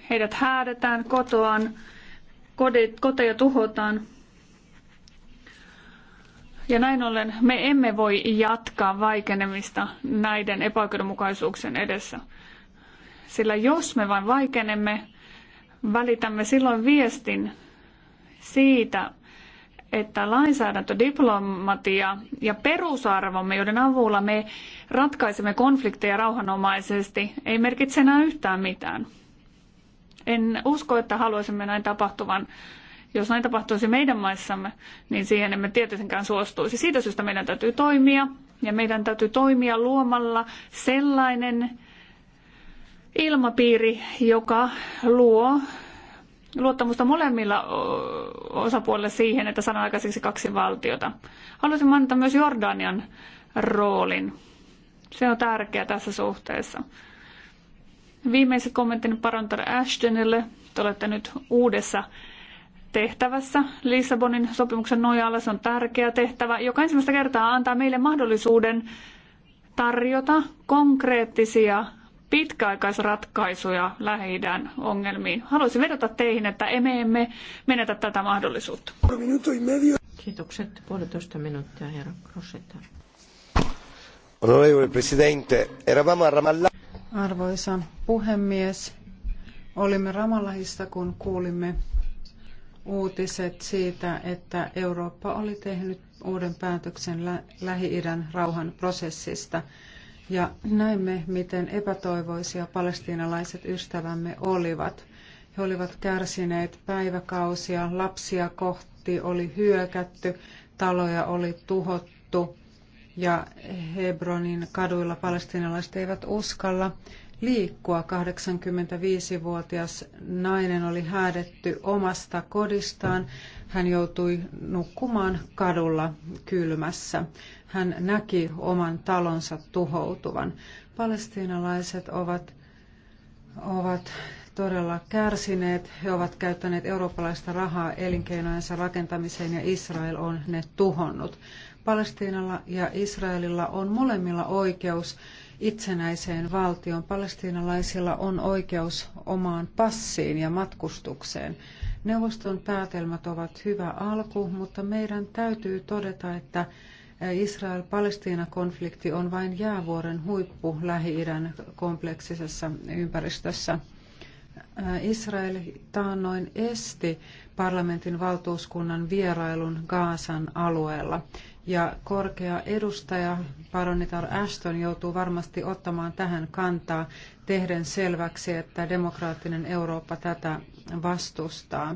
Heidät häädetään kotoaan, kodit, koteja tuhotaan. Ja näin ollen me emme voi jatkaa vaikenemista näiden epäoikeudenmukaisuuksien edessä. Sillä jos me vain vaikenemme, välitämme silloin viestin siitä, että lainsäädäntö, diplomatia ja perusarvomme, joiden avulla me ratkaisemme konflikteja rauhanomaisesti, ei merkitse enää yhtään mitään. En usko, että haluaisimme näin tapahtuvan. Jos näin tapahtuisi meidän maissamme, niin siihen emme tietenkään suostuisi. Siitä syystä meidän täytyy toimia ja meidän täytyy toimia luomalla sellainen ilmapiiri, joka luo luottamusta molemmilla osapuolilla siihen, että saadaan aikaiseksi kaksi valtiota. Haluaisin mainita myös Jordanian roolin. Se on tärkeä tässä suhteessa. Viimeiset kommenttini Parantar Ashtonille. Te olette nyt uudessa tehtävässä Lissabonin sopimuksen nojalla. Se on tärkeä tehtävä, joka ensimmäistä kertaa antaa meille mahdollisuuden tarjota konkreettisia pitkäaikaisratkaisuja lähi ongelmiin. Haluaisin vedota teihin, että emme emme menetä tätä mahdollisuutta. Kiitokset. Puolitoista minuuttia, herra Crosetta. Onorevole presidente, eravamo a Arvoisa puhemies, olimme Ramallahissa, kun kuulimme uutiset siitä, että Eurooppa oli tehnyt uuden päätöksen Lähi-idän rauhan prosessista ja näimme, miten epätoivoisia palestiinalaiset ystävämme olivat. He olivat kärsineet päiväkausia, lapsia kohti oli hyökätty, taloja oli tuhottu ja Hebronin kaduilla palestiinalaiset eivät uskalla liikkua. 85-vuotias nainen oli häädetty omasta kodistaan. Hän joutui nukkumaan kadulla kylmässä. Hän näki oman talonsa tuhoutuvan. Palestiinalaiset ovat, ovat todella kärsineet. He ovat käyttäneet eurooppalaista rahaa elinkeinojensa rakentamiseen ja Israel on ne tuhonnut. Palestiinalla ja Israelilla on molemmilla oikeus itsenäiseen valtioon. Palestiinalaisilla on oikeus omaan passiin ja matkustukseen. Neuvoston päätelmät ovat hyvä alku, mutta meidän täytyy todeta, että Israel-Palestiina-konflikti on vain jäävuoren huippu Lähi-idän kompleksisessa ympäristössä. Äh, Israel taannoin esti parlamentin valtuuskunnan vierailun Gaasan alueella. Ja korkea edustaja Baronitar Ashton joutuu varmasti ottamaan tähän kantaa tehden selväksi, että demokraattinen Eurooppa tätä vastustaa.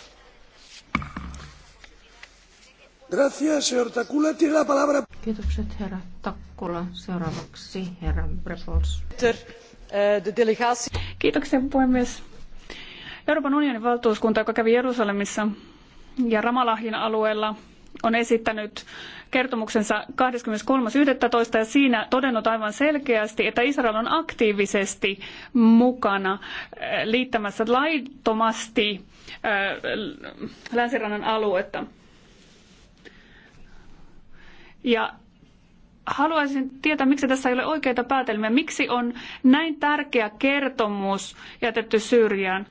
Seuraavaksi eh, Kiitoksia puhemies. Euroopan unionin valtuuskunta, joka kävi Jerusalemissa ja Ramalahin alueella, on esittänyt kertomuksensa 23.11. ja siinä todennut aivan selkeästi, että Israel on aktiivisesti mukana eh, liittämässä laittomasti eh, länsirannan aluetta ja haluaisin tietää, miksi tässä ei ole oikeita päätelmiä. Miksi on näin tärkeä kertomus jätetty syrjään?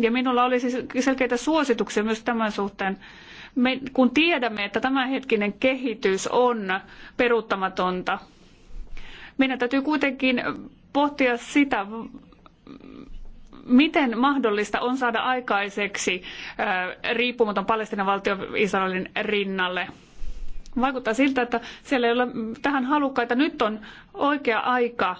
Ja minulla oli siis selkeitä suosituksia myös tämän suhteen. Me, kun tiedämme, että tämänhetkinen kehitys on peruuttamatonta, meidän täytyy kuitenkin pohtia sitä, miten mahdollista on saada aikaiseksi riippumaton Palestinan valtio Israelin rinnalle – Vaikuttaa siltä, että siellä ei ole tähän halukkaita. Nyt on oikea aika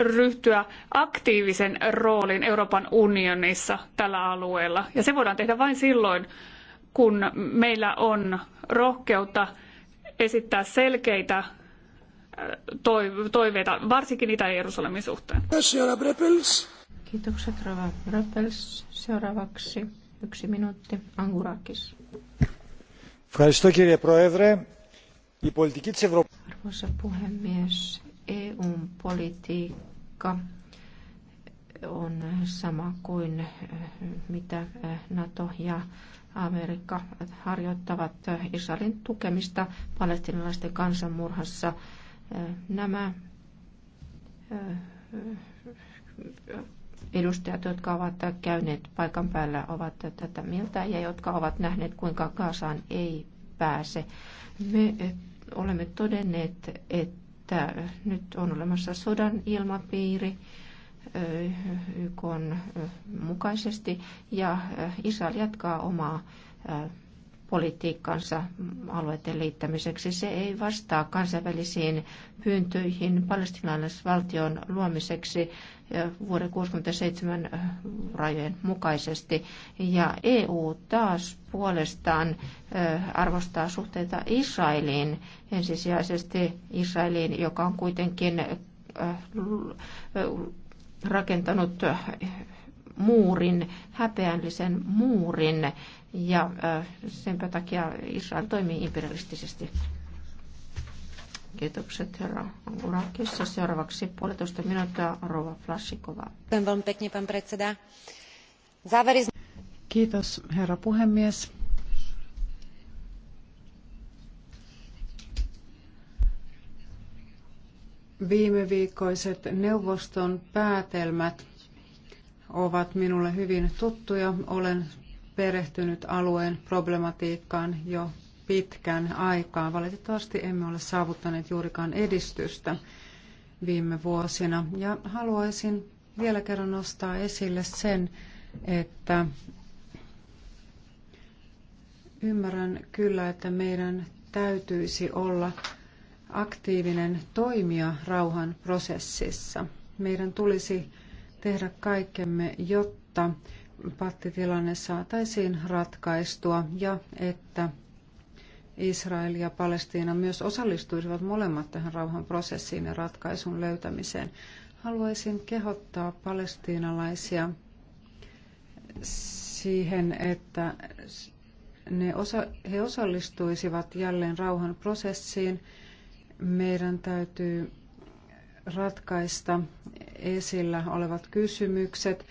ryhtyä aktiivisen roolin Euroopan unionissa tällä alueella. Ja se voidaan tehdä vain silloin, kun meillä on rohkeutta esittää selkeitä äh, toiveita, varsinkin Itä-Jerusalemin suhteen. Kiitokset, Rava Brepels. Seuraavaksi yksi minuutti, Angurakis. Arvoisa puhemies, EUn politiikka on sama kuin eh, mitä eh, NATO ja Amerikka harjoittavat Israelin tukemista palestinalaisten kansanmurhassa. Eh, nämä edustajat, jotka ovat käyneet paikan päällä, ovat tätä mieltä ja jotka ovat nähneet, kuinka Kaasaan ei pääse. Me eh, olemme todenneet, että nyt on olemassa sodan ilmapiiri eh, YK eh, mukaisesti ja Israel jatkaa omaa politiikkansa alueiden liittämiseksi. Se ei vastaa kansainvälisiin pyyntöihin palestinaalaisvaltion luomiseksi eh, vuoden 1967 eh, rajojen mukaisesti. Ja EU taas puolestaan eh, arvostaa suhteita Israeliin, ensisijaisesti Israeliin, joka on kuitenkin rakentanut muurin, häpeällisen muurin, ja sen takia Israel toimii imperialistisesti. Kiitokset herra Urakissa. Seuraavaksi puolitoista minuuttia Rova Flashikova. Kiitos herra puhemies. Viime viikkoiset neuvoston päätelmät ovat minulle hyvin tuttuja. Olen perehtynyt alueen problematiikkaan jo pitkän aikaa. Valitettavasti emme ole saavuttaneet juurikaan edistystä viime vuosina. Ja haluaisin vielä kerran nostaa esille sen, että ymmärrän kyllä, että meidän täytyisi olla aktiivinen toimija rauhan prosessissa. Meidän tulisi tehdä kaikkemme, jotta pattitilanne saataisiin ratkaistua ja että Israel ja Palestiina myös osallistuisivat molemmat tähän rauhanprosessiin ja ratkaisun löytämiseen. Haluaisin kehottaa palestiinalaisia siihen, että ne osa, he osallistuisivat jälleen rauhanprosessiin. Meidän täytyy ratkaista esillä olevat kysymykset,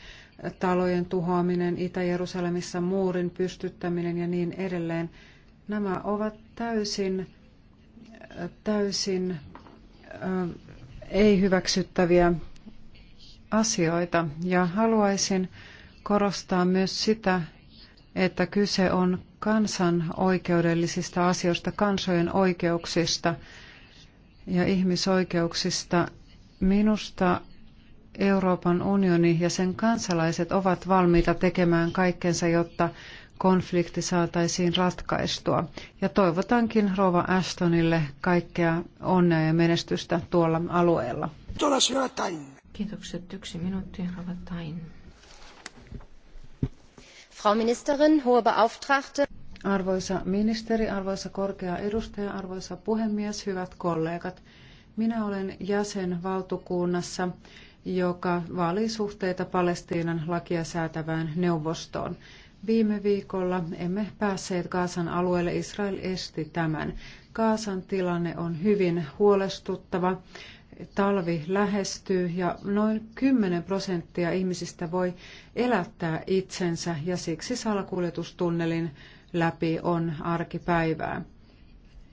talojen tuhoaminen Itä-Jerusalemissa, muurin pystyttäminen ja niin edelleen. Nämä ovat täysin, täysin ei-hyväksyttäviä asioita ja haluaisin korostaa myös sitä, että kyse on kansan oikeudellisista asioista, kansojen oikeuksista ja ihmisoikeuksista Minusta Euroopan unioni ja sen kansalaiset ovat valmiita tekemään kaikkensa, jotta konflikti saataisiin ratkaistua. Ja toivotankin Rova Ashtonille kaikkea onnea ja menestystä tuolla alueella. Kiitokset. Yksi minuutti, Rova Tain. Frau Ministerin, hohe Beauftragte. Arvoisa ministeri, arvoisa korkea edustaja, arvoisa puhemies, hyvät kollegat. Minä olen jäsen valtukunnassa, joka vaalii suhteita Palestiinan lakia säätävään neuvostoon. Viime viikolla emme päässeet Kaasan alueelle. Israel esti tämän. Kaasan tilanne on hyvin huolestuttava. Talvi lähestyy ja noin 10 prosenttia ihmisistä voi elättää itsensä ja siksi salakuljetustunnelin läpi on arkipäivää.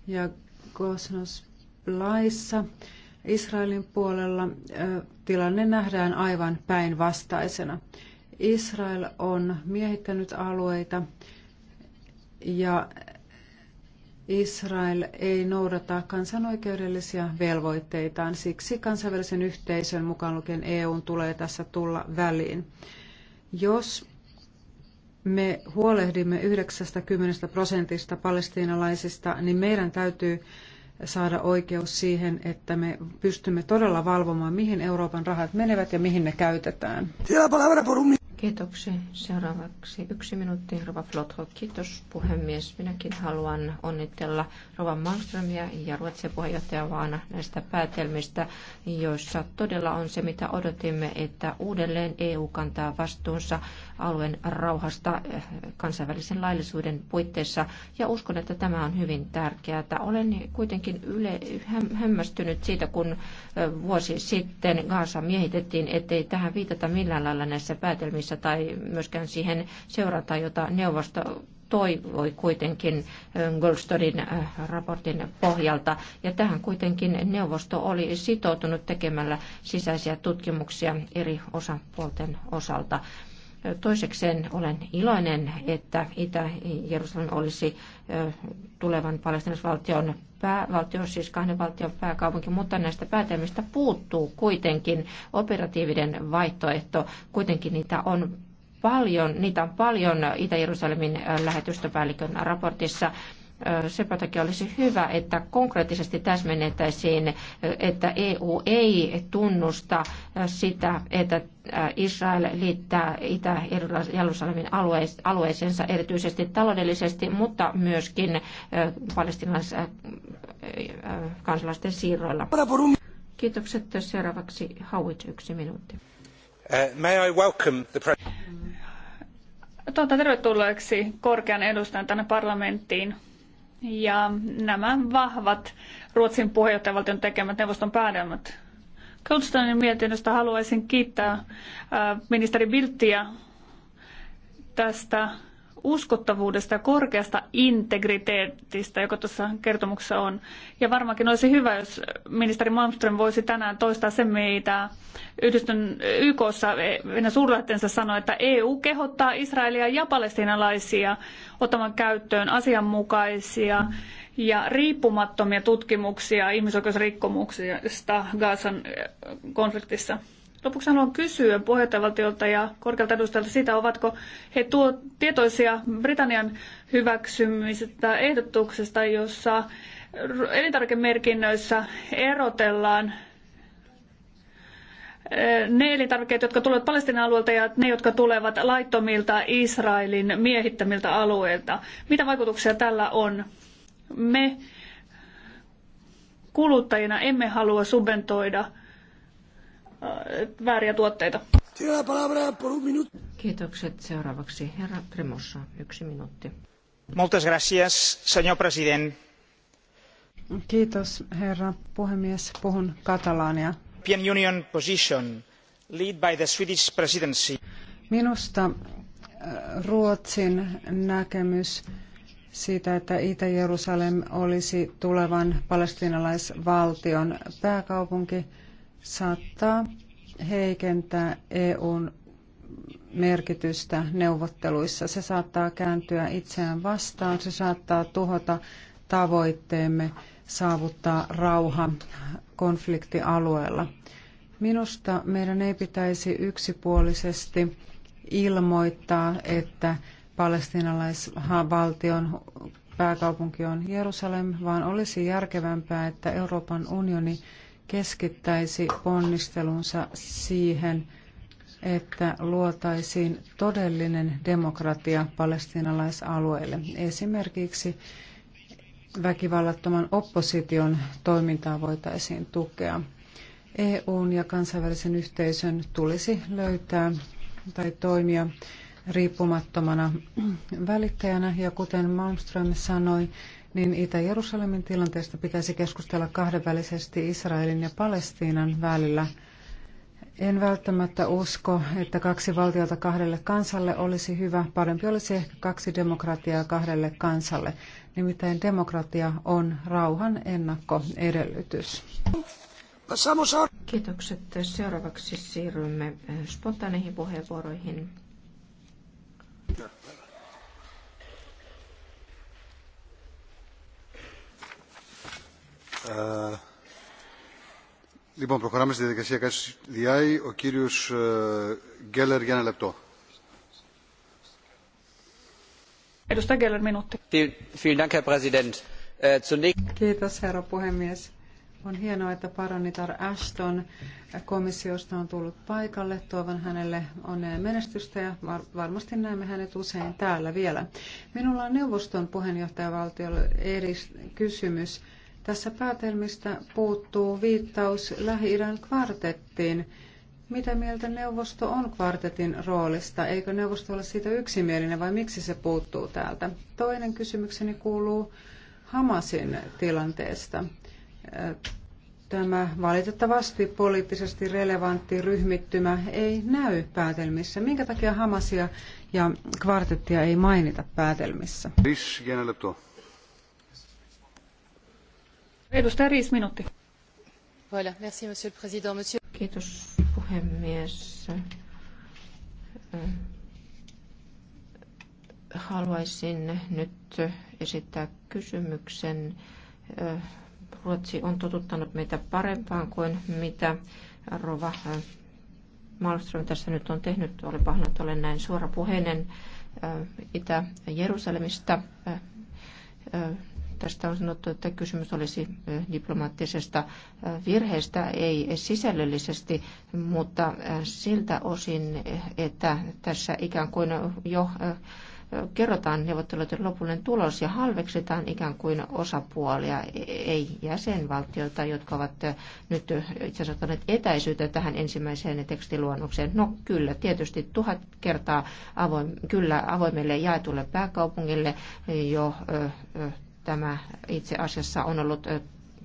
Ja Gosnos laissa Israelin puolella tilanne nähdään aivan päinvastaisena. Israel on miehittänyt alueita ja Israel ei noudata kansanoikeudellisia velvoitteitaan. Siksi kansainvälisen yhteisön mukaan lukien EUn tulee tässä tulla väliin. Jos me huolehdimme 90 prosentista palestiinalaisista, niin meidän täytyy saada oikeus siihen, että me pystymme todella valvomaan, mihin Euroopan rahat menevät ja mihin ne käytetään. Kiitoksia. Seuraavaksi yksi minuutti, Rova Flotho. Kiitos puhemies. Minäkin haluan onnitella Rova Malmströmiä ja Ruotsin puheenjohtaja Vaana näistä päätelmistä, joissa todella on se, mitä odotimme, että uudelleen EU kantaa vastuunsa alueen rauhasta eh, kansainvälisen laillisuuden puitteissa. Ja uskon, että tämä on hyvin tärkeää. Olen kuitenkin yle, hämmästynyt siitä, kun eh, vuosi sitten Gaasa miehitettiin, ettei tähän viitata millään lailla näissä päätelmissä tai myöskään siihen seurata, jota neuvosto toivoi kuitenkin eh, Goldstonin raportin pohjalta. Ja tähän kuitenkin neuvosto oli sitoutunut tekemällä sisäisiä tutkimuksia eri osapuolten osalta. Toisekseen olen iloinen, että Itä-Jerusalem olisi tulevan palestinaisvaltion päävaltio, siis kahden valtion pääkaupunki, mutta näistä päätelmistä puuttuu kuitenkin operatiivinen vaihtoehto. Kuitenkin niitä on paljon, niitä on paljon Itä-Jerusalemin lähetystöpäällikön raportissa Sepä takia olisi hyvä, että konkreettisesti täsmennettäisiin, että EU ei tunnusta sitä, että Israel liittää Itä-Jerusalemin alueeseensa erityisesti taloudellisesti, mutta myöskin kansalaisten siirroilla. Kiitokset. Seuraavaksi Howitz, yksi minuutti. Uh, may I welcome the Totta tervetulleeksi korkean edustajan tänne parlamenttiin ja nämä vahvat Ruotsin puheenjohtajavaltion tekemät neuvoston päätelmät. Goldsteinin mietinnöstä haluaisin kiittää ministeri Bilttiä tästä uskottavuudesta ja korkeasta integriteetistä, joka tuossa kertomuksessa on. Ja varmaankin olisi hyvä, jos ministeri Malmström voisi tänään toistaa sen, mitä Yhdistön YKssa Venäjän suurlähtensä sanoi, että EU kehottaa Israelia ja palestiinalaisia ottamaan käyttöön asianmukaisia ja riippumattomia tutkimuksia ihmisoikeusrikkomuksista Gazan konfliktissa. Lopuksi haluan kysyä puheenjohtajavaltiolta ja korkealta edustajalta sitä, ovatko he tuo tietoisia Britannian hyväksymisestä ehdotuksesta, jossa elintarvikemerkinnöissä erotellaan eh, ne elintarvikkeet, jotka tulevat Palestinan alueelta ja ne, jotka tulevat laittomilta Israelin miehittämiltä alueilta. Mitä vaikutuksia tällä on? Me kuluttajina emme halua subventoida – Äh, vääriä tuotteita. Kiitokset. Seuraavaksi herra Premossa, yksi minuutti. Moltes gracias, señor president. Kiitos, herra puhemies. Puhun katalaania. European Union position lead by the Swedish presidency. Minusta äh, Ruotsin näkemys siitä, että Itä-Jerusalem olisi tulevan palestinalaisvaltion pääkaupunki – saattaa heikentää EUn merkitystä neuvotteluissa. Se saattaa kääntyä itseään vastaan, se saattaa tuhota tavoitteemme saavuttaa rauha konfliktialueella. Minusta meidän ei pitäisi yksipuolisesti ilmoittaa, että palestinalaisvaltion pääkaupunki on Jerusalem, vaan olisi järkevämpää, että Euroopan unioni keskittäisi ponnistelunsa siihen, että luotaisiin todellinen demokratia palestinalaisalueelle. Esimerkiksi väkivallattoman opposition toimintaa voitaisiin tukea. EUn ja kansainvälisen yhteisön tulisi löytää tai toimia riippumattomana välittäjänä ja kuten Malmström sanoi, niin Itä-Jerusalemin tilanteesta pitäisi keskustella kahdenvälisesti Israelin ja Palestiinan välillä. En välttämättä usko, että kaksi valtiota kahdelle kansalle olisi hyvä. Parempi olisi ehkä kaksi demokratiaa kahdelle kansalle. Nimittäin demokratia on rauhan ennakkoedellytys. Kiitokset. Seuraavaksi siirrymme spontaaneihin puheenvuoroihin. Λοιπόν, προχωράμε στη διαδικασία Κάσης Διάη. Ο κύριος Γκέλλερ για ένα λεπτό. Edustaja Geller, minuutti. Vielen Dank, Herr Präsident. Äh, Kiitos, herra puhemies. On hienoa, että paronitar Ashton komissiosta on tullut paikalle. Toivon hänelle onnea menestystä ja varmasti näemme hänet usein täällä vielä. Minulla on neuvoston puheenjohtajavaltiolle eri kysymys. Tässä päätelmistä puuttuu viittaus Lähi-idän kvartettiin. Mitä mieltä neuvosto on kvartetin roolista? Eikö neuvosto ole siitä yksimielinen vai miksi se puuttuu täältä? Toinen kysymykseni kuuluu Hamasin tilanteesta. Tämä valitettavasti poliittisesti relevantti ryhmittymä ei näy päätelmissä. Minkä takia Hamasia ja kvartettia ei mainita päätelmissä? Edustaja Riis, minuutti. Voilà, merci, monsieur le président. Monsieur... Kiitos, puhemies. Äh, haluaisin nyt esittää kysymyksen. Äh, Ruotsi on totuttanut meitä parempaan kuin mitä Rova äh, Malmström tässä nyt on tehnyt. Olen pahoin, että olen näin suorapuheinen Itä-Jerusalemista tästä on sanottu, että kysymys olisi diplomaattisesta virheestä, ei sisällöllisesti, mutta siltä osin, että tässä ikään kuin jo kerrotaan neuvotteluiden lopullinen tulos ja halveksitaan ikään kuin osapuolia, ei jäsenvaltioita, jotka ovat nyt itse asiassa ottaneet etäisyyttä tähän ensimmäiseen tekstiluonnokseen. No kyllä, tietysti tuhat kertaa avoim, kyllä avoimelle jaetulle pääkaupungille jo Tämä itse asiassa on ollut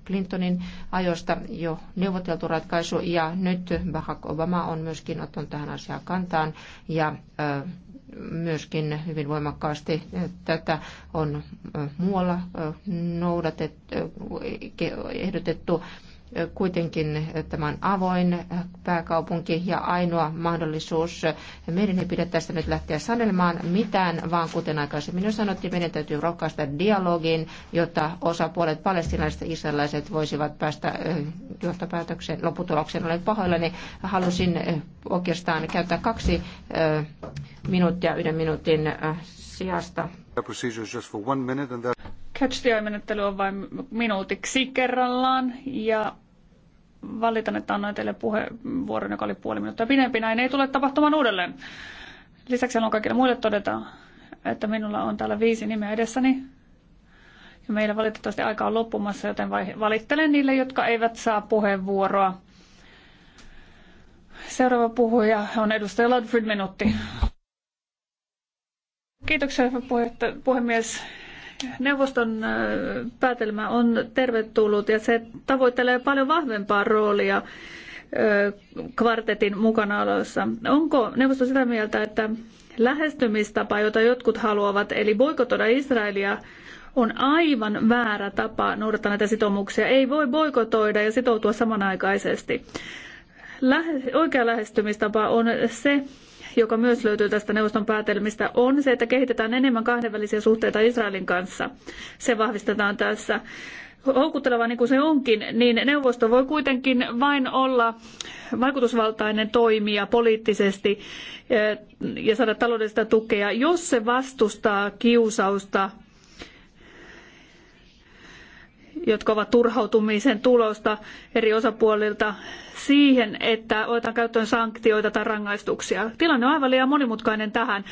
Clintonin ajoista jo neuvoteltu ratkaisu ja nyt Barack Obama on myöskin ottanut tähän asiaan kantaan ja myöskin hyvin voimakkaasti tätä on muualla noudatettu, ehdotettu Kuitenkin tämä on avoin pääkaupunki ja ainoa mahdollisuus. Meidän ei pidä tästä nyt lähteä sanelemaan mitään, vaan kuten aikaisemmin jo sanottiin, meidän täytyy rohkaista dialogiin, jotta osapuolet palestinaiset ja israelaiset voisivat päästä johtopäätöksen lopputulokseen. Olen niin Halusin oikeastaan käyttää kaksi minuuttia yhden minuutin sijasta. Catch the Eye-menettely on vain minuutiksi kerrallaan ja valitan, että annoin teille puheenvuoron, joka oli puoli minuuttia pidempi. Näin ei tule tapahtumaan uudelleen. Lisäksi on kaikille muille todeta, että minulla on täällä viisi nimeä edessäni. Ja meillä valitettavasti aika on loppumassa, joten valittelen niille, jotka eivät saa puheenvuoroa. Seuraava puhuja on edustaja Ludford Minuutti. Kiitoksia, puhemies neuvoston päätelmä on tervetullut ja se tavoittelee paljon vahvempaa roolia kvartetin mukanaoloissa. Onko neuvosto sitä mieltä, että lähestymistapa, jota jotkut haluavat, eli boikotoida Israelia, on aivan väärä tapa noudattaa näitä sitoumuksia. Ei voi boikotoida ja sitoutua samanaikaisesti. Lähe, oikea lähestymistapa on se, joka myös löytyy tästä neuvoston päätelmistä, on se, että kehitetään enemmän kahdenvälisiä suhteita Israelin kanssa. Se vahvistetaan tässä. Houkutteleva niin kuin se onkin, niin neuvosto voi kuitenkin vain olla vaikutusvaltainen toimija poliittisesti eh, ja saada taloudellista tukea, jos se vastustaa kiusausta jotka ovat turhautumisen tulosta eri osapuolilta siihen, että otetaan käyttöön sanktioita tai rangaistuksia. Tilanne on aivan liian monimutkainen tähän.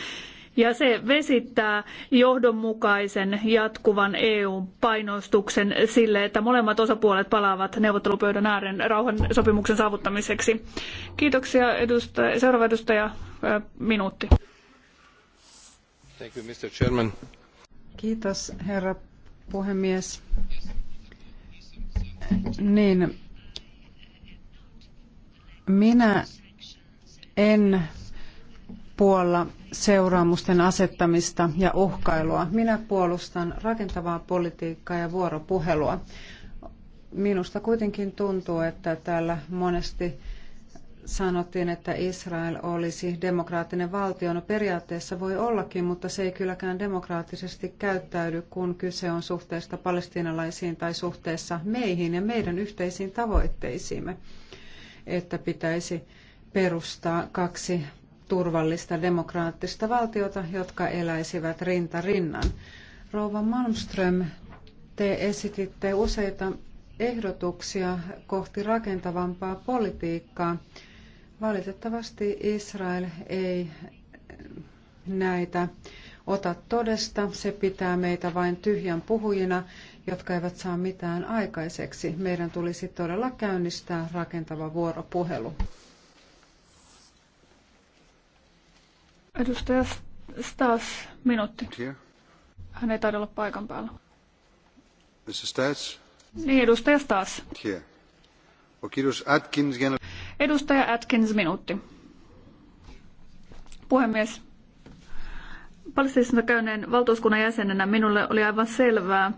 Ja se vesittää johdonmukaisen jatkuvan EU-painostuksen sille, että molemmat osapuolet palaavat neuvottelupöydän ääreen rauhansopimuksen saavuttamiseksi. Kiitoksia. Edustaja, seuraava edustaja, minuutti. Thank you, Mr. Chairman. Kiitos, herra puhemies. Niin, minä en puolla seuraamusten asettamista ja uhkailua. Minä puolustan rakentavaa politiikkaa ja vuoropuhelua. Minusta kuitenkin tuntuu, että täällä monesti sanottiin, että Israel olisi demokraattinen valtio. No periaatteessa voi ollakin, mutta se ei kylläkään demokraattisesti käyttäydy, kun kyse on suhteesta palestiinalaisiin tai suhteessa meihin ja meidän yhteisiin tavoitteisiimme, että pitäisi perustaa kaksi turvallista demokraattista valtiota, jotka eläisivät rinta rinnan. Rouva Malmström, te esititte useita ehdotuksia kohti rakentavampaa politiikkaa. Valitettavasti Israel ei näitä ota todesta. Se pitää meitä vain tyhjän puhujina, jotka eivät saa mitään aikaiseksi. Meidän tulisi todella käynnistää rakentava vuoropuhelu. Edustaja Stas, minuutti. Hän ei taida olla paikan päällä. Mr. Stas? Niin, edustaja Stas. Here. O Atkins, Edustaja Atkins, minuutti. Puhemies, Palestiinassa käyneen valtuuskunnan jäsenenä minulle oli aivan selvää,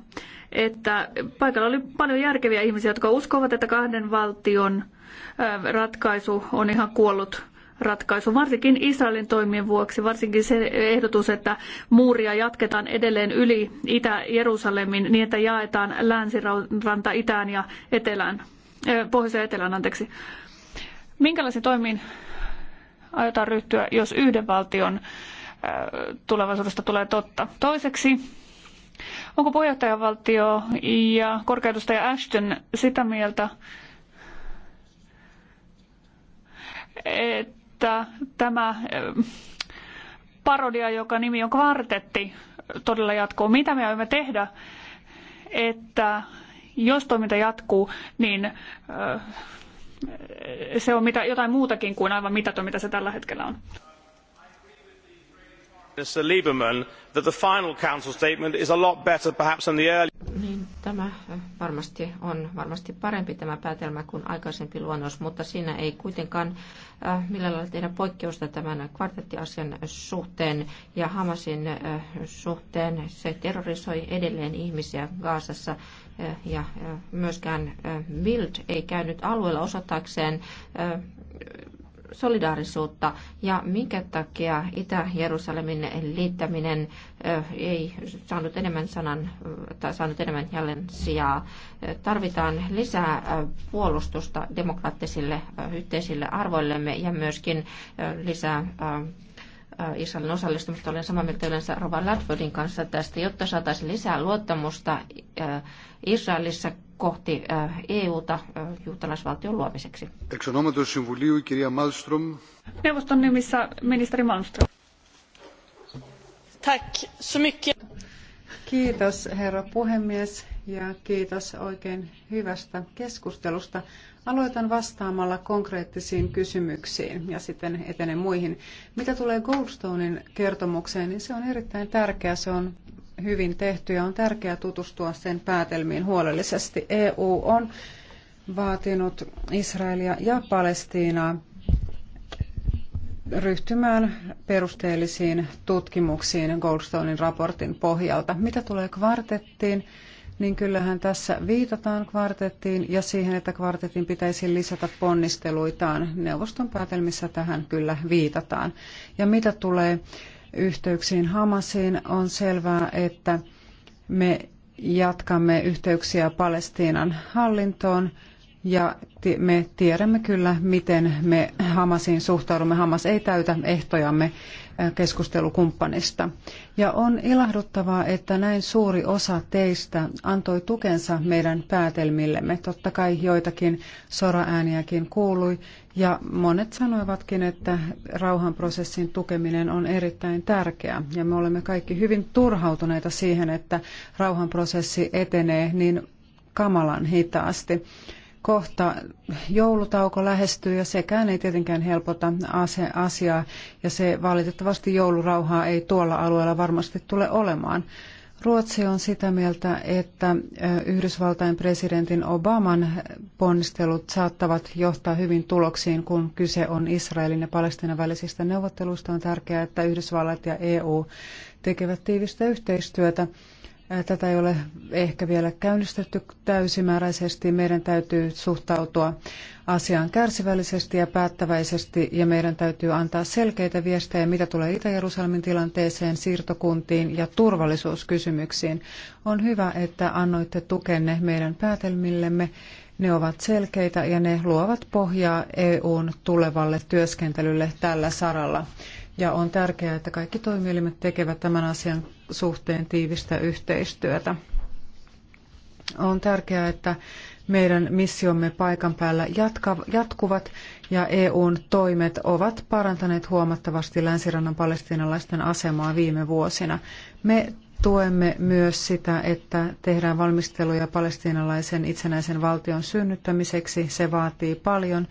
että paikalla oli paljon järkeviä ihmisiä, jotka uskovat, että kahden valtion ratkaisu on ihan kuollut ratkaisu, varsinkin Israelin toimien vuoksi, varsinkin se ehdotus, että muuria jatketaan edelleen yli Itä-Jerusalemin niin, että jaetaan länsiranta itään ja etelään, pohjois- ja etelään, anteeksi. Minkälaisiin toimiin aiotaan ryhtyä, jos yhden valtion äh, tulevaisuudesta tulee totta? Toiseksi, onko puheenjohtajavaltio ja korkeudustaja Ashton sitä mieltä, että tämä äh, parodia, joka nimi on Kvartetti, todella jatkuu. Mitä me aiomme tehdä, että jos toiminta jatkuu, niin äh, se on mitä, jotain muutakin kuin aivan mitätön, mitä se tällä hetkellä on minister lieberman that the final council statement is a lot better perhaps than the earlier. Niin, tämä eh, varmasti on varmasti parempi tämä päätelmä kuin aikaisempi luonnos, mutta siinä ei kuitenkaan äh, millään lailla tehdä poikkeusta tämän kvartettiasian suhteen ja Hamasin äh, suhteen. Se terrorisoi edelleen ihmisiä Gaasassa äh, ja äh, myöskään äh, ei käynyt alueella osoittaakseen äh, solidaarisuutta ja minkä takia Itä-Jerusalemin liittäminen ei saanut enemmän sanan tai saanut enemmän jälleen sijaa. Tarvitaan lisää puolustusta demokraattisille yhteisille arvoillemme ja myöskin lisää Israelin osallistumista. Olen samaa mieltä yleensä Rova Ladfordin kanssa tästä, jotta saataisiin lisää luottamusta Israelissa kohti äh, EUta äh, juutalaisvaltion luomiseksi. kirja Malmström. Neuvoston nimissä ministeri Malmström. Tack så mycket. Kiitos herra puhemies ja kiitos oikein hyvästä keskustelusta. Aloitan vastaamalla konkreettisiin kysymyksiin ja sitten etenen muihin. Mitä tulee Goldstonein kertomukseen, niin se on erittäin tärkeä. Se on hyvin tehty ja on tärkeää tutustua sen päätelmiin huolellisesti. EU on vaatinut Israelia ja Palestiinaa ryhtymään perusteellisiin tutkimuksiin Goldstonein raportin pohjalta. Mitä tulee kvartettiin, niin kyllähän tässä viitataan kvartettiin ja siihen, että kvartetin pitäisi lisätä ponnisteluitaan. Neuvoston päätelmissä tähän kyllä viitataan. Ja mitä tulee yhteyksiin Hamasiin, on selvää, että me jatkamme yhteyksiä Palestiinan hallintoon ja me tiedämme kyllä, miten me Hamasiin suhtaudumme. Hamas ei täytä ehtojamme keskustelukumppanista. Ja on ilahduttavaa, että näin suuri osa teistä antoi tukensa meidän päätelmillemme. Totta kai joitakin soraääniäkin kuului ja monet sanoivatkin, että rauhanprosessin tukeminen on erittäin tärkeää. Ja me olemme kaikki hyvin turhautuneita siihen, että rauhanprosessi etenee niin kamalan hitaasti kohta joulutauko lähestyy ja sekään ei tietenkään helpota asiaa ja se valitettavasti joulurauhaa ei tuolla alueella varmasti tule olemaan. Ruotsi on sitä mieltä, että Yhdysvaltain presidentin Obaman ponnistelut saattavat johtaa hyvin tuloksiin, kun kyse on Israelin ja Palestinan välisistä neuvotteluista. On tärkeää, että Yhdysvallat ja EU tekevät tiivistä yhteistyötä Tätä ei ole ehkä vielä käynnistetty täysimääräisesti. Meidän täytyy suhtautua asiaan kärsivällisesti ja päättäväisesti ja meidän täytyy antaa selkeitä viestejä, mitä tulee Itä-Jerusalemin tilanteeseen, siirtokuntiin ja turvallisuuskysymyksiin. On hyvä, että annoitte tukenne meidän päätelmillemme. Ne ovat selkeitä ja ne luovat pohjaa EUn tulevalle työskentelylle tällä saralla ja on tärkeää, että kaikki toimielimet tekevät tämän asian suhteen tiivistä yhteistyötä. On tärkeää, että meidän missiomme paikan päällä jatkuvat ja EUn toimet ovat parantaneet huomattavasti länsirannan palestiinalaisten asemaa viime vuosina. Me tuemme myös sitä, että tehdään valmisteluja palestiinalaisen itsenäisen valtion synnyttämiseksi. Se vaatii paljon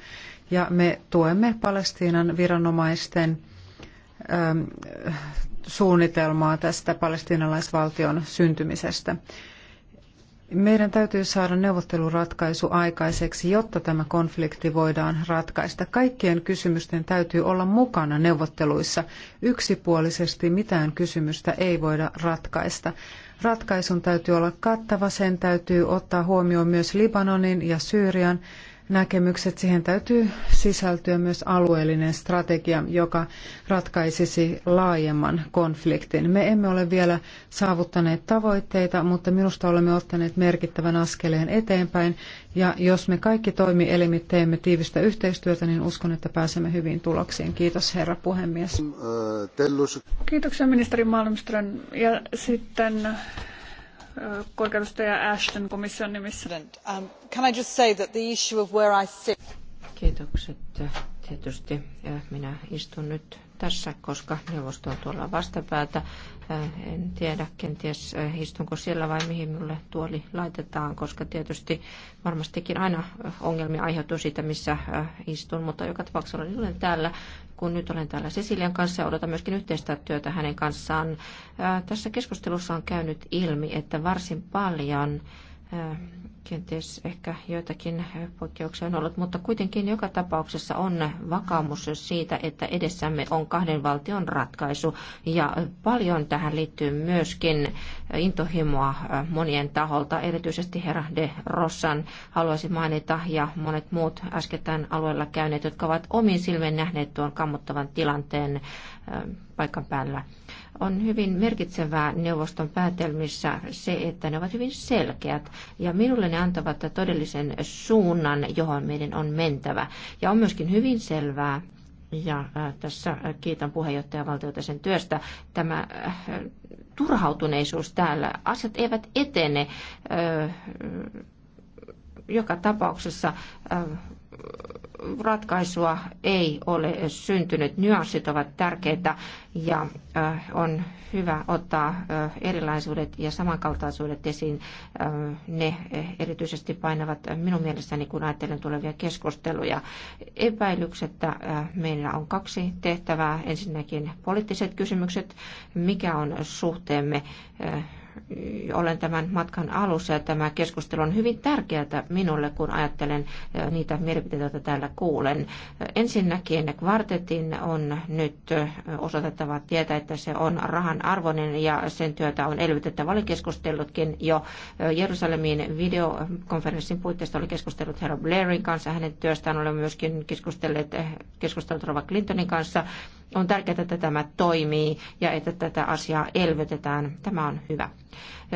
ja me tuemme Palestiinan viranomaisten Ähm, suunnitelmaa tästä palestiinalaisvaltion syntymisestä. Meidän täytyy saada neuvotteluratkaisu aikaiseksi, jotta tämä konflikti voidaan ratkaista. Kaikkien kysymysten täytyy olla mukana neuvotteluissa. Yksipuolisesti mitään kysymystä ei voida ratkaista. Ratkaisun täytyy olla kattava, sen täytyy ottaa huomioon myös Libanonin ja Syyrian näkemykset. Siihen täytyy sisältyä myös alueellinen strategia, joka ratkaisisi laajemman konfliktin. Me emme ole vielä saavuttaneet tavoitteita, mutta minusta olemme ottaneet merkittävän askeleen eteenpäin. Ja jos me kaikki toimielimit teemme tiivistä yhteistyötä, niin uskon, että pääsemme hyviin tuloksiin. Kiitos herra puhemies. Kiitoksia ministeri Malmström. Ja sitten korkeudustaja Ashton komission nimissä. Um, can I just say that the issue of where I sit... Kiitokset. Tietysti eh, minä istun nyt tässä, koska neuvosto on tuolla vastapäätä. Äh, en tiedä, kenties äh, istunko siellä vai mihin minulle tuoli laitetaan, koska tietysti varmastikin aina äh, ongelmia aiheutuu siitä, missä istun, mutta joka tapauksessa olen täällä kun nyt olen täällä Cecilian kanssa ja odotan myöskin yhteistä työtä hänen kanssaan. Tässä keskustelussa on käynyt ilmi, että varsin paljon kenties ehkä joitakin poikkeuksia on ollut, mutta kuitenkin joka tapauksessa on vakaumus siitä, että edessämme on kahden valtion ratkaisu. Ja paljon tähän liittyy myöskin intohimoa monien taholta, erityisesti herra de Rossan haluaisin mainita ja monet muut äskettäin alueella käyneet, jotka ovat omin silmin nähneet tuon kammottavan tilanteen paikan päällä. On hyvin merkitsevää neuvoston päätelmissä se, että ne ovat hyvin selkeät ja minulle ne antavat todellisen suunnan, johon meidän on mentävä. Ja on myöskin hyvin selvää, ja äh, tässä kiitän puheenjohtajavaltiota sen työstä. Tämä äh, turhautuneisuus täällä, asiat eivät etene. Äh, joka tapauksessa ratkaisua ei ole syntynyt. Nyanssit ovat tärkeitä ja äh, on hyvä ottaa äh, erilaisuudet ja samankaltaisuudet esiin. Äh, ne erityisesti painavat minun mielestäni, kun ajattelen tulevia keskusteluja. Epäilyksettä meillä on kaksi tehtävää. Ensinnäkin poliittiset kysymykset. Mikä on suhteemme olen tämän matkan alussa ja tämä keskustelu on hyvin tärkeää minulle, kun ajattelen niitä mielipiteitä, joita täällä kuulen. Ensinnäkin kvartetin on nyt osoitettava tietää, että se on rahan arvoinen ja sen työtä on elvytettävä. Oli keskustellutkin jo Jerusalemin videokonferenssin puitteista oli keskustellut herra Blairin kanssa, hänen työstään olemme myöskin keskustellut Rova Clintonin kanssa on tärkeää, että tämä toimii ja että tätä asiaa elvytetään. Tämä on hyvä.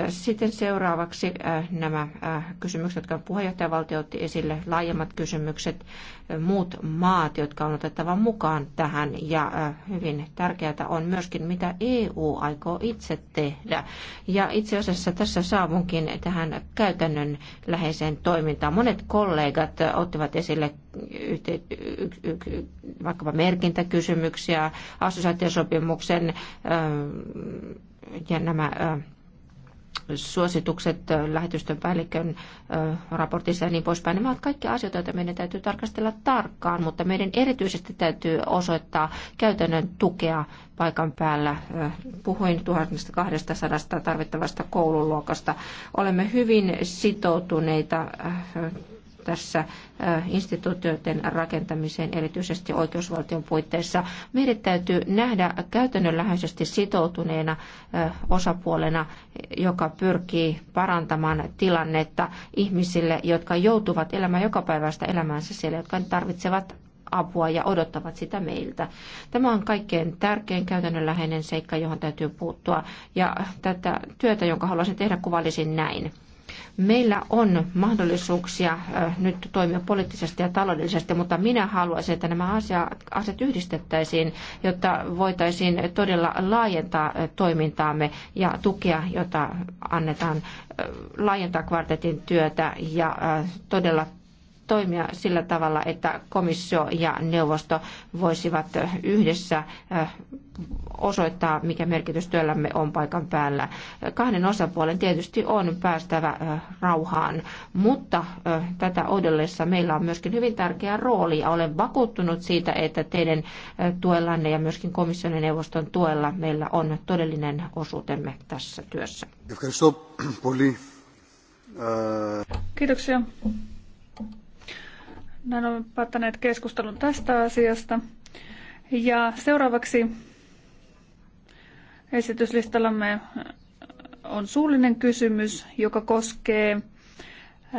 Sitten seuraavaksi äh, nämä äh, kysymykset, jotka puheenjohtajavaltio otti esille, laajemmat kysymykset, äh, muut maat, jotka on otettava mukaan tähän. Ja hyvin tärkeää on myöskin, mitä EU aikoo itse tehdä. Ja itse asiassa tässä saavunkin tähän käytännön läheiseen toimintaan. Monet kollegat ottivat esille yhte, vaikkapa merkintäkysymyksiä, assosiaatiosopimuksen ähm, ja nämä suositukset lähetystön päällikön raportissa ja niin poispäin. Nämä ovat kaikki asioita, joita meidän täytyy tarkastella tarkkaan, mutta meidän erityisesti täytyy osoittaa käytännön tukea paikan päällä. Puhuin 1200 tarvittavasta koululuokasta. Olemme hyvin sitoutuneita tässä instituutioiden rakentamiseen, erityisesti oikeusvaltion puitteissa. Meidät täytyy nähdä käytännönläheisesti sitoutuneena osapuolena, joka pyrkii parantamaan tilannetta ihmisille, jotka joutuvat elämään päivästä elämäänsä siellä, jotka tarvitsevat apua ja odottavat sitä meiltä. Tämä on kaikkein tärkein käytännönläheinen seikka, johon täytyy puuttua. Ja tätä työtä, jonka haluaisin tehdä, kuvailisin näin. Meillä on mahdollisuuksia nyt toimia poliittisesti ja taloudellisesti, mutta minä haluaisin, että nämä asiat yhdistettäisiin, jotta voitaisiin todella laajentaa toimintaamme ja tukea, jota annetaan laajentaa kvartetin työtä ja todella toimia sillä tavalla, että komissio ja neuvosto voisivat yhdessä osoittaa, mikä merkitys työllämme on paikan päällä. Kahden osapuolen tietysti on päästävä rauhaan, mutta tätä odellessa meillä on myöskin hyvin tärkeä rooli ja olen vakuuttunut siitä, että teidän tuellanne ja myöskin komission ja neuvoston tuella meillä on todellinen osuutemme tässä työssä. Kiitoksia. Näin olemme päättäneet keskustelun tästä asiasta. Ja seuraavaksi esityslistallamme on suullinen kysymys, joka koskee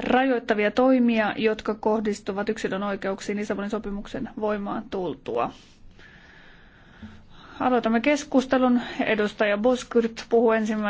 rajoittavia toimia, jotka kohdistuvat yksilön oikeuksiin Lisabonin sopimuksen voimaan tultua. Aloitamme keskustelun. Edustaja Boskurt puhuu ensimmäisenä.